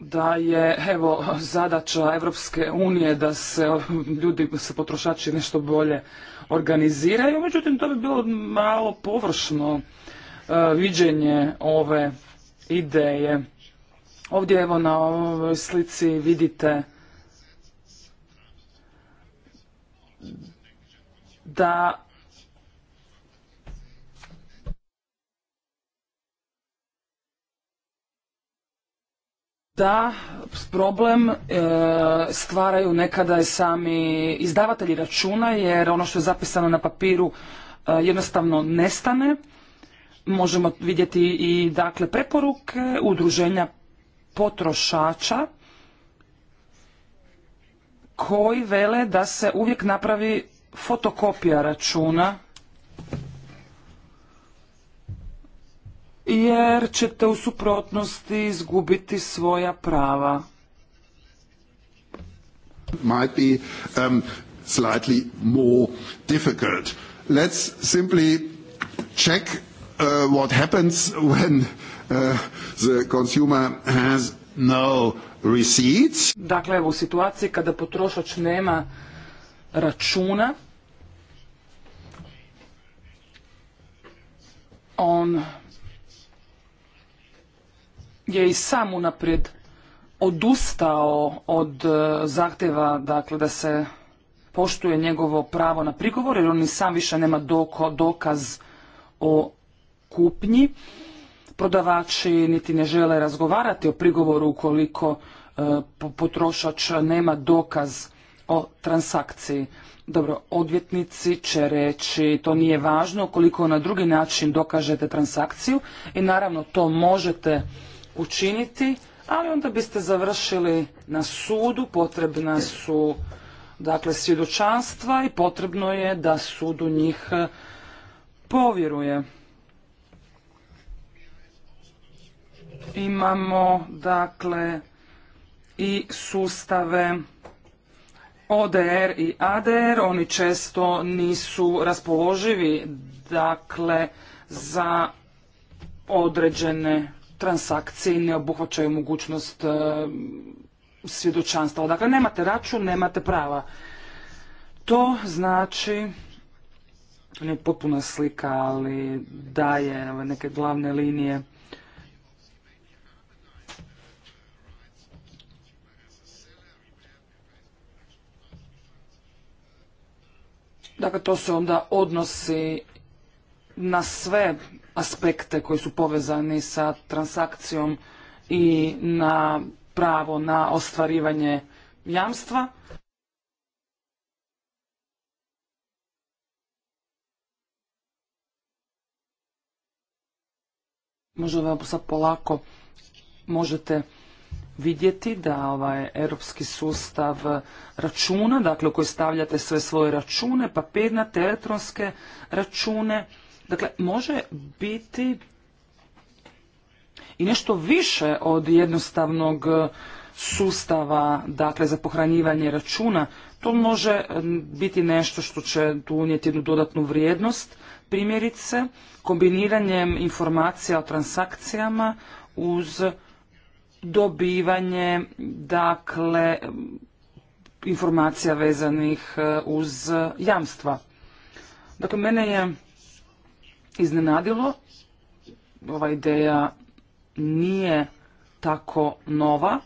da je evo zadaća Europske unije da se ljudi, se potrošači nešto bolje organiziraju, međutim to bi bilo malo površno e, viđenje ove ideje. Ovdje evo na ovoj slici vidite da da problem e, stvaraju nekada i sami izdavatelji računa jer ono što je zapisano na papiru e, jednostavno nestane. Možemo vidjeti i dakle preporuke udruženja potrošača koji vele da se uvijek napravi fotokopija računa jer ćete u suprotnosti izgubiti svoja prava. Might be um, slightly more difficult. Let's simply check uh, what happens when uh, the consumer has no receipts. Dakle, u situaciji kada potrošač nema računa, on je i sam unaprijed odustao od e, zahtjeva dakle, da se poštuje njegovo pravo na prigovor jer on ni sam više nema dokaz o kupnji. Prodavači niti ne žele razgovarati o prigovoru ukoliko e, potrošač nema dokaz o transakciji. Dobro, odvjetnici će reći to nije važno ukoliko na drugi način dokažete transakciju i naravno to možete učiniti, ali onda biste završili na sudu, potrebna su dakle svjedočanstva i potrebno je da sud u njih e, povjeruje. Imamo dakle i sustave ODR i ADR, oni često nisu raspoloživi dakle za određene Transakcije ne obuhvaćaju mogućnost e, svjedočanstva. Dakle, nemate račun, nemate prava. To znači, nije potpuna slika, ali daje neke glavne linije. Dakle, to se onda odnosi na sve aspekte koji su povezani sa transakcijom i na pravo na ostvarivanje jamstva. Možda sad polako možete vidjeti da ovaj europski sustav računa, dakle u koji stavljate sve svoje račune, papirnate, elektronske račune, Dakle, može biti i nešto više od jednostavnog e, sustava, dakle, za pohranjivanje računa. To može e, biti nešto što će tu unijeti jednu dodatnu vrijednost, primjerice, kombiniranjem informacija o transakcijama uz dobivanje, dakle, informacija vezanih e, uz jamstva. Dakle, mene je iznenadilo. Ova ideja nije tako nova.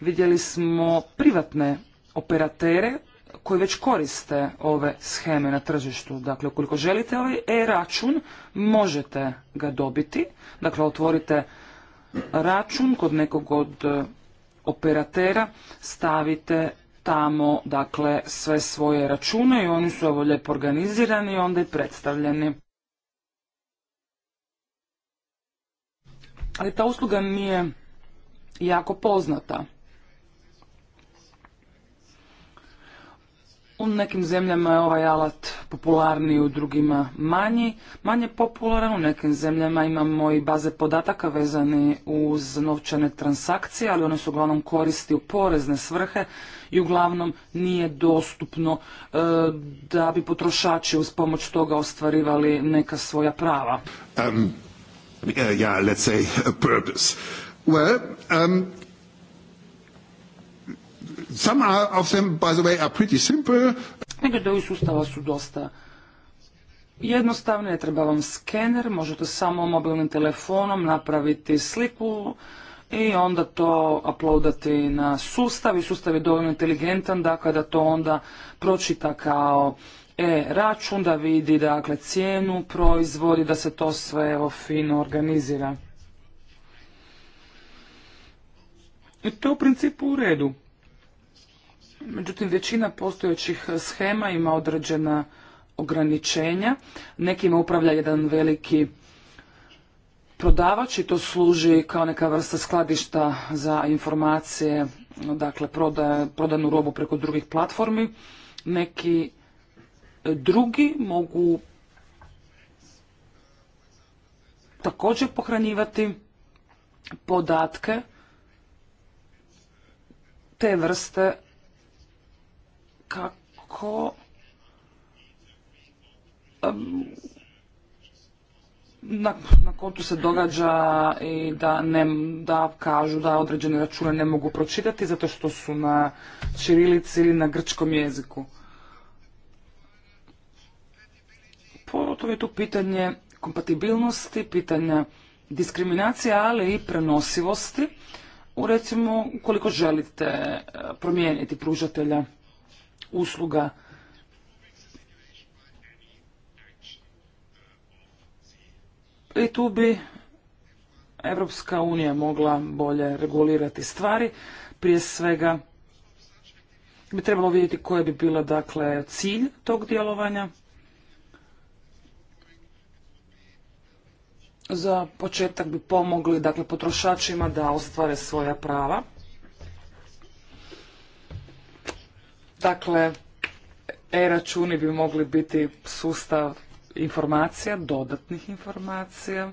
Vidjeli smo privatne operatere koji već koriste ove scheme na tržištu. Dakle, ukoliko želite ovaj e-račun, možete ga dobiti. Dakle, otvorite račun kod nekog od operatera, stavite tamo dakle sve svoje račune i oni su ovo lijepo organizirani i onda i predstavljeni. Ali ta usluga nije jako poznata. U nekim zemljama je ovaj alat popularniji, u drugima manji, manje popularan. U nekim zemljama imamo i baze podataka vezane uz novčane transakcije, ali one su uglavnom koristi u porezne svrhe, i uglavnom nije dostupno e, da bi potrošači uz pomoć toga ostvarivali neka svoja prava. Um, yeah, let's say purpose. Well, um, by the way, pretty simple. do sustava su dosta jednostavne, ne treba vam skener, možete samo mobilnim telefonom napraviti sliku i onda to uploadati na sustav i sustav je dovoljno inteligentan da kada to onda pročita kao e-račun, da vidi dakle cijenu, proizvodi, da se to sve evo, fino organizira. I to u principu u redu. Međutim, većina postojećih schema ima određena ograničenja. Nekima upravlja jedan veliki prodavač to služi kao neka vrsta skladišta za informacije, dakle prodanu robu preko drugih platformi. Neki e, drugi mogu također pohranjivati podatke te vrste kako na, kontu se događa i da, da kažu da određene račune ne mogu pročitati zato što su na čirilici ili na grčkom jeziku. Potom je tu pitanje kompatibilnosti, pitanja diskriminacije, ali i prenosivosti. U recimo, ukoliko želite eh, promijeniti pružatelja usluga I tu bi Evropska unija mogla bolje regulirati stvari, prije svega bi trebalo vidjeti koje bi bila dakle cilj tog djelovanja. Za početak bi pomogli dakle potrošačima da ostvare svoja prava. Dakle, e-računi bi mogli biti sustav informacija, dodatnih informacija,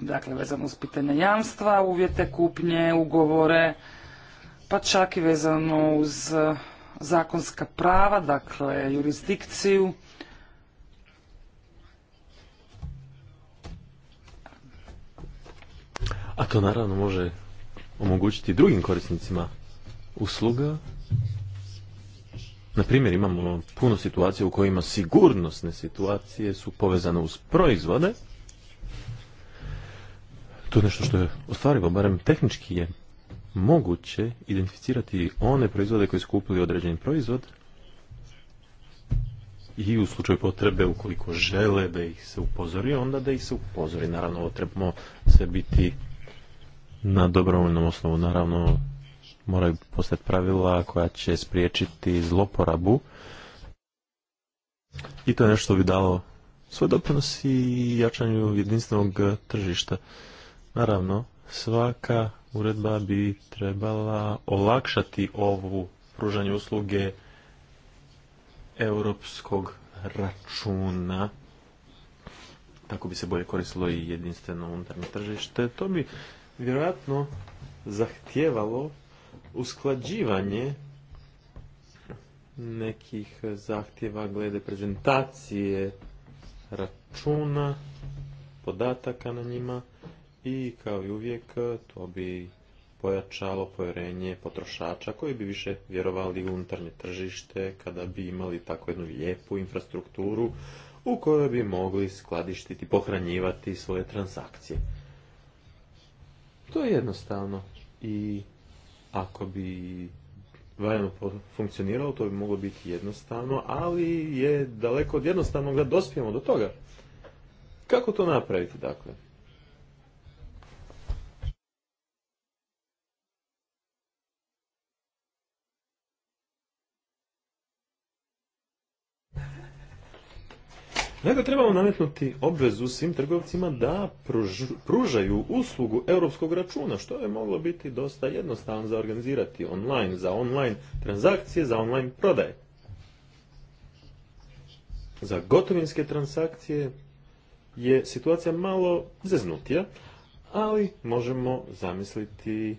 dakle vezano uz pitanje jamstva, uvjete kupnje, ugovore, pa čak i vezano uz e, zakonska prava, dakle jurisdikciju. A to naravno može omogućiti drugim korisnicima usluga na primjer, imamo puno situacija u kojima sigurnosne situacije su povezane uz proizvode. To je nešto što je ostvarivo, barem tehnički je moguće identificirati one proizvode koji su kupili određeni proizvod i u slučaju potrebe ukoliko žele da ih se upozori, onda da ih se upozori. Naravno, ovo trebamo sve biti na dobrovoljnom osnovu. Naravno, moraju postati pravila koja će spriječiti zloporabu. I to je nešto bi dalo svoj doprinos i jačanju jedinstvenog tržišta. Naravno, svaka uredba bi trebala olakšati ovu pružanje usluge europskog računa. Tako bi se bolje koristilo i jedinstveno unutarnje tržište. To bi vjerojatno zahtijevalo usklađivanje nekih zahtjeva glede prezentacije računa, podataka na njima i kao i uvijek to bi pojačalo povjerenje potrošača koji bi više vjerovali u unutarnje tržište kada bi imali tako jednu lijepu infrastrukturu u kojoj bi mogli skladištiti, pohranjivati svoje transakcije. To je jednostavno i ako bi valjano funkcioniralo, to bi moglo biti jednostavno, ali je daleko od jednostavnog da dospijemo do toga. Kako to napraviti, dakle? nego trebamo nametnuti obvezu svim trgovcima da pružaju uslugu europskog računa, što je moglo biti dosta jednostavno za organizirati online, za online transakcije, za online prodaje. Za gotovinske transakcije je situacija malo zeznutija, ali možemo zamisliti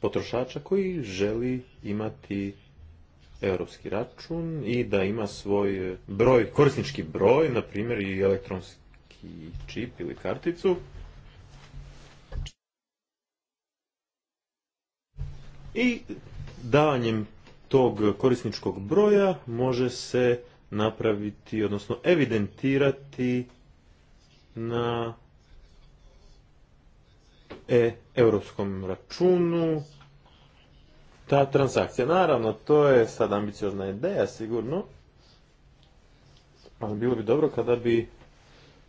potrošača koji želi imati europski račun i da ima svoj broj, korisnički broj, na primjer i elektronski čip ili karticu. I davanjem tog korisničkog broja može se napraviti, odnosno evidentirati na e europskom računu ta transakcija. Naravno, to je sad ambiciozna ideja, sigurno, ali bilo bi dobro kada bi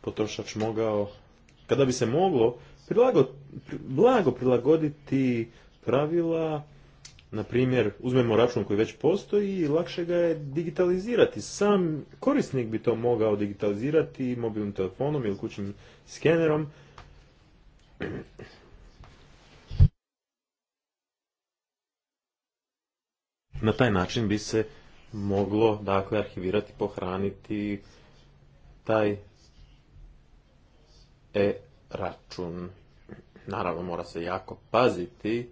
potrošač mogao, kada bi se moglo blago prilagoditi pravila, na primjer, uzmemo račun koji već postoji i lakše ga je digitalizirati. Sam korisnik bi to mogao digitalizirati mobilnim telefonom ili kućnim skenerom. na taj način bi se moglo dakle arhivirati, pohraniti taj e-račun. Naravno mora se jako paziti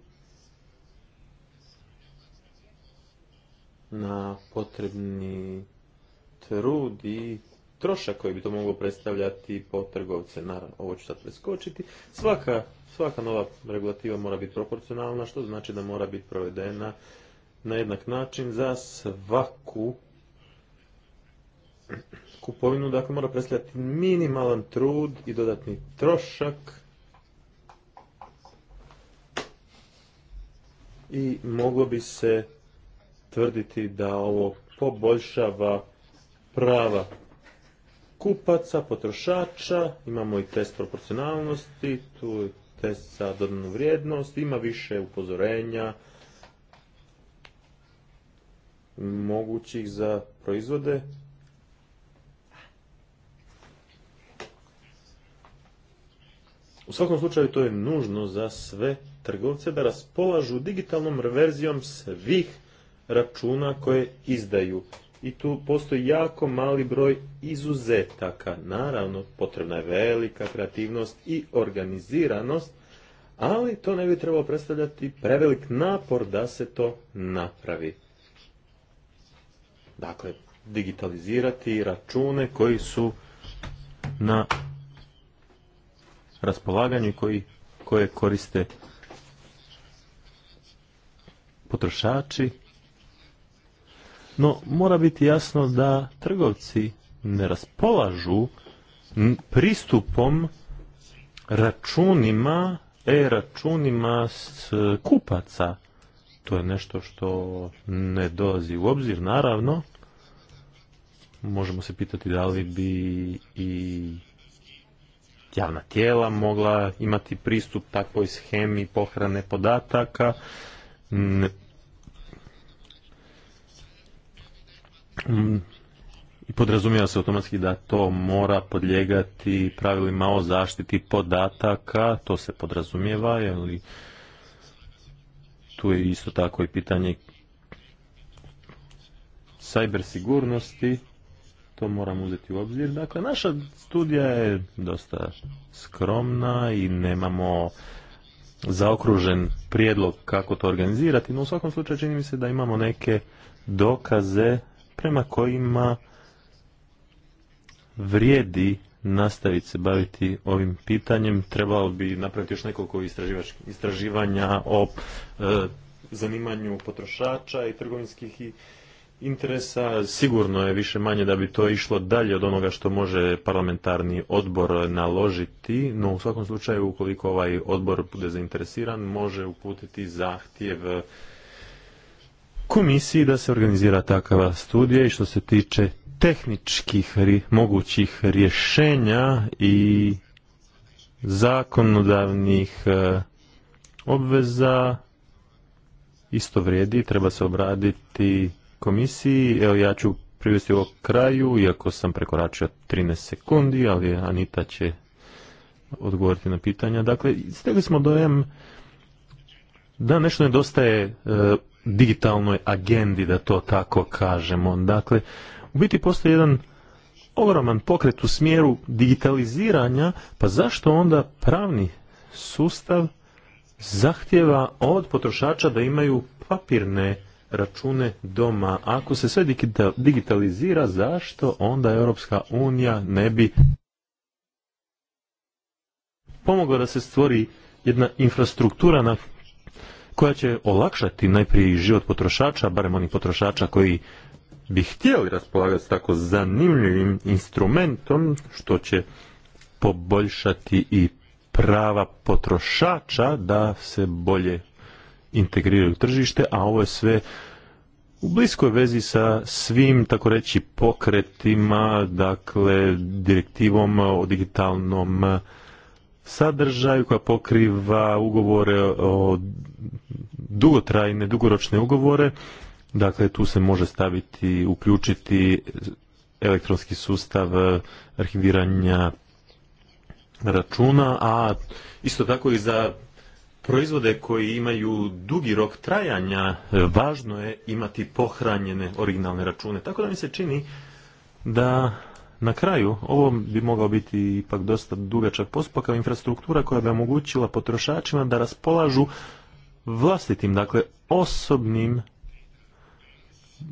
na potrebni trud i trošak koji bi to moglo predstavljati po trgovce. Naravno, ovo ću sad preskočiti. Svaka, svaka nova regulativa mora biti proporcionalna, što znači da mora biti provedena na jednak način za svaku kupovinu, dakle mora predstavljati minimalan trud i dodatni trošak i moglo bi se tvrditi da ovo poboljšava prava kupaca, potrošača, imamo i test proporcionalnosti, tu je test za dodanu vrijednost, ima više upozorenja, mogućih za proizvode. U svakom slučaju to je nužno za sve trgovce da raspolažu digitalnom reverzijom svih računa koje izdaju. I tu postoji jako mali broj izuzetaka. Naravno, potrebna je velika kreativnost i organiziranost, ali to ne bi trebalo predstavljati prevelik napor da se to napravi. Dakle, digitalizirati račune koji su na raspolaganju koji, koje koriste potrošači. No, mora biti jasno da trgovci ne raspolažu pristupom računima, e-računima kupaca. To je nešto što ne dolazi u obzir, naravno. Možemo se pitati da li bi i javna tijela mogla imati pristup takvoj schemi pohrane podataka. I podrazumijeva se automatski da to mora podlijegati pravilima o zaštiti podataka, to se podrazumijeva, ili tu je isto tako i pitanje cyber sigurnosti, to moramo uzeti u obzir. Dakle, naša studija je dosta skromna i nemamo zaokružen prijedlog kako to organizirati, no u svakom slučaju čini mi se da imamo neke dokaze prema kojima vrijedi nastaviti se baviti ovim pitanjem. Trebalo bi napraviti još nekoliko istraživanja o e, zanimanju potrošača i trgovinskih i interesa. Sigurno je više manje da bi to išlo dalje od onoga što može parlamentarni odbor naložiti, no u svakom slučaju ukoliko ovaj odbor bude zainteresiran može uputiti zahtjev komisiji da se organizira takva studija i što se tiče tehničkih mogućih rješenja i zakonodavnih e, obveza isto vrijedi, treba se obraditi komisiji. Evo ja ću privesti ovo kraju, iako sam prekoračio 13 sekundi, ali Anita će odgovoriti na pitanja. Dakle, stegli smo dojem da nešto nedostaje e, digitalnoj agendi, da to tako kažemo. Dakle, u biti postoji jedan ogroman pokret u smjeru digitaliziranja, pa zašto onda pravni sustav zahtjeva od potrošača da imaju papirne račune doma. Ako se sve digitalizira, zašto onda Europska unija ne bi pomogla da se stvori jedna infrastruktura koja će olakšati najprije život potrošača, barem onih potrošača koji bi htjeli raspolagati s tako zanimljivim instrumentom što će poboljšati i prava potrošača da se bolje integriraju tržište, a ovo je sve u bliskoj vezi sa svim, tako reći, pokretima, dakle, direktivom o digitalnom sadržaju koja pokriva ugovore o dugotrajne, dugoročne ugovore Dakle, tu se može staviti, uključiti elektronski sustav eh, arhiviranja računa, a isto tako i za proizvode koji imaju dugi rok trajanja, eh, važno je imati pohranjene originalne račune. Tako da mi se čini da na kraju ovo bi mogao biti ipak dosta dugačak postupak, infrastruktura koja bi omogućila potrošačima da raspolažu vlastitim, dakle osobnim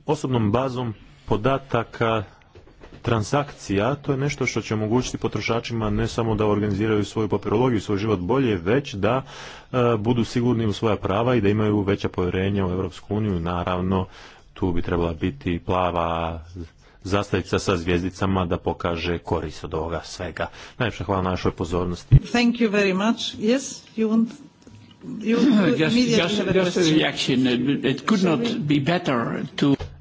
osobnom bazom podataka transakcija, to je nešto što će omogućiti potrošačima ne samo da organiziraju svoju papirologiju, svoj život bolje, već da e, budu sigurni u svoja prava i da imaju veća povjerenja u Europsku uniju. Naravno, tu bi trebala biti plava zastavica sa zvjezdicama da pokaže korist od ovoga svega. Najljepša hvala na našoj pozornosti. Thank you very much. Yes, you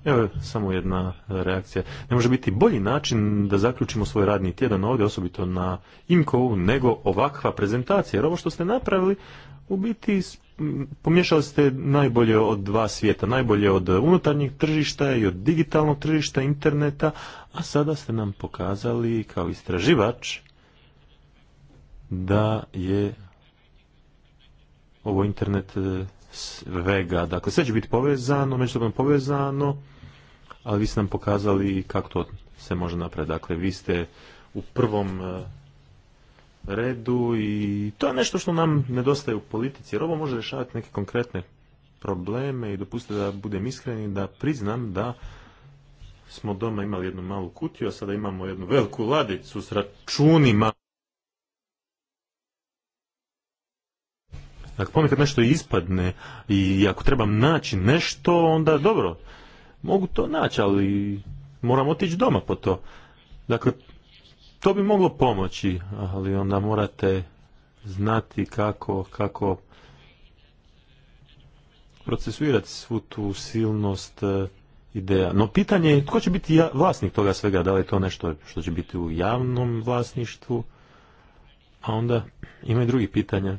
Evo, samo jedna reakcija. Ne može biti bolji način da zaključimo svoj radni tjedan ovdje, osobito na imco nego ovakva prezentacija. Jer ovo što ste napravili, u biti pomješali ste najbolje od dva svijeta, najbolje od unutarnjeg tržišta i od digitalnog tržišta, interneta, a sada ste nam pokazali kao istraživač da je ovo internet e, svega. Dakle, sve će biti povezano, međusobno povezano, ali vi ste nam pokazali kako to se može napraviti. Dakle, vi ste u prvom e, redu i to je nešto što nam nedostaje u politici, jer ovo može rješavati neke konkretne probleme i dopustite da budem iskren i da priznam da smo doma imali jednu malu kutiju, a sada imamo jednu veliku ladicu s računima. ako ponekad nešto ispadne i ako trebam naći nešto, onda dobro, mogu to naći, ali moram otići doma po to. Dakle, to bi moglo pomoći, ali onda morate znati kako, kako procesuirati svu tu silnost e, ideja. No pitanje je tko će biti vlasnik toga svega, da li je to nešto što će biti u javnom vlasništvu, a onda ima i drugi pitanja.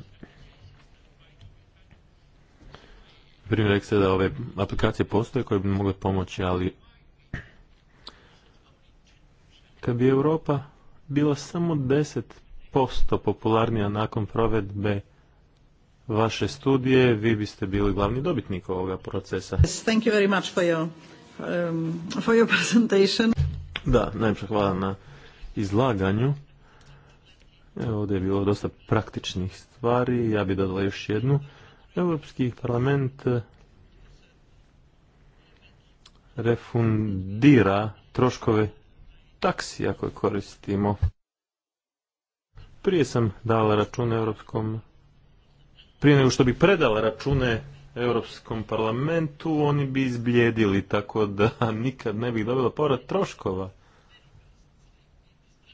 primjer ste da ove aplikacije postoje koje bi mogle pomoći, ali kad bi Europa bila samo 10% popularnija nakon provedbe vaše studije, vi biste bili glavni dobitnik ovoga procesa. Thank you very much for your, um, for your presentation. Da, najprej hvala na izlaganju. Evo, ovdje je bilo dosta praktičnih stvari, ja bih dodala još jednu. Europski parlament eh, refundira troškove taksija koje koristimo. Prije sam dala račune Europskom, prije nego što bi predala račune Europskom parlamentu, oni bi izblijedili, tako da nikad ne bih dobila povrat troškova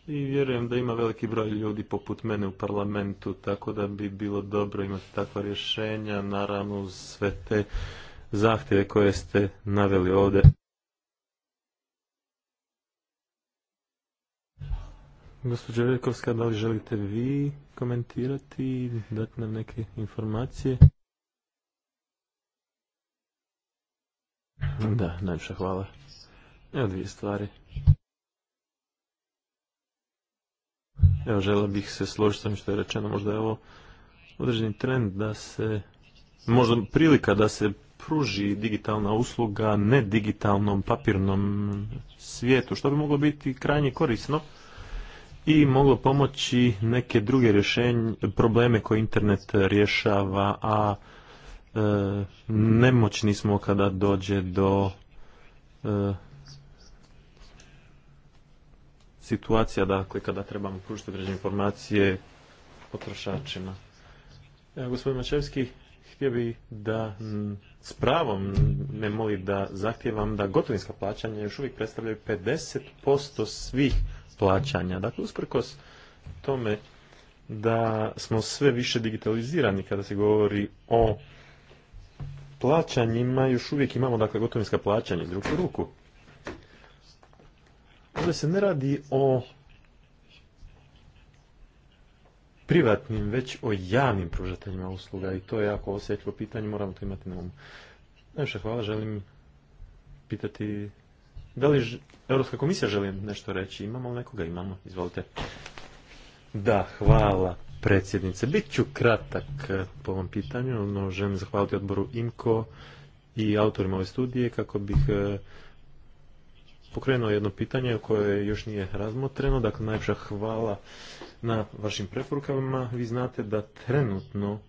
i vjerujem da ima veliki broj ljudi poput mene u parlamentu, tako da bi bilo dobro imati takva rješenja, naravno uz sve te zahtjeve koje ste naveli ovdje. Gospođo Veljakovska, da li želite vi komentirati i dati nam neke informacije? Da, najviše hvala. Evo dvije stvari. Evo, žele bih se složiti sa što je rečeno, možda je ovo određeni trend da se, možda prilika da se pruži digitalna usluga ne digitalnom papirnom svijetu, što bi moglo biti krajnje korisno i moglo pomoći neke druge rješenje, probleme koje internet rješava, a e, nemoćni smo kada dođe do e, situacija dakle kada trebamo pružiti određene informacije potrošačima. Evo, gospodin Mačevski, htio bi da s pravom ne moli da zahtijevam da gotovinska plaćanja još uvijek predstavljaju 50% svih plaćanja. Dakle, usprkos tome da smo sve više digitalizirani kada se govori o plaćanjima, još uvijek imamo dakle gotovinska plaćanja iz ruku ruku. Ovdje se ne radi o privatnim, već o javnim pružateljima usluga i to je jako osjetljivo pitanje, moramo to imati na umu. Najviše hvala, želim pitati da li Europska komisija želi nešto reći? Imamo li nekoga? Imamo, izvolite. Da, hvala predsjednice. Bit ću kratak eh, po ovom pitanju, no želim zahvaliti odboru IMCO i autorima ove studije kako bih eh, pokrenuo jedno pitanje koje još nije razmotreno. Dakle, najpša hvala na vašim preporukama. Vi znate da trenutno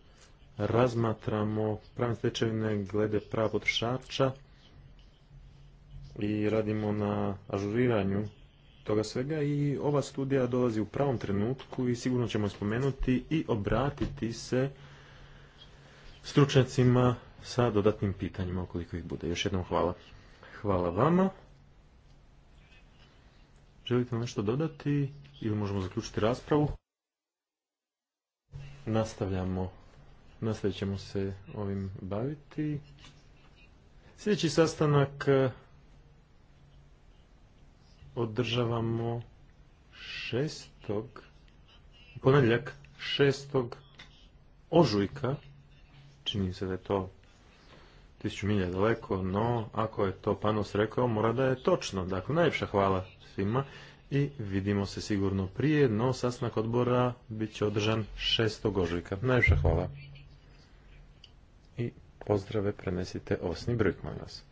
razmatramo pravne stečevine glede prava potrošača i radimo na ažuriranju toga svega i ova studija dolazi u pravom trenutku i sigurno ćemo spomenuti i obratiti se stručnjacima sa dodatnim pitanjima ukoliko ih bude. Još jednom hvala. Hvala vama. Želite nešto dodati ili možemo zaključiti raspravu? Nastavljamo. Nastavit ćemo se ovim baviti. Sljedeći sastanak eh, održavamo šestog, ponedjeljak šestog ožujka. Čini se da je to tisuću milja daleko, no ako je to Panos rekao, mora da je točno. Dakle, najljepša hvala svima i vidimo se sigurno prije, no sasnak odbora bit će održan 6. ožujka. Najviše hvala. I pozdrave prenesite Osni Brujk, vas.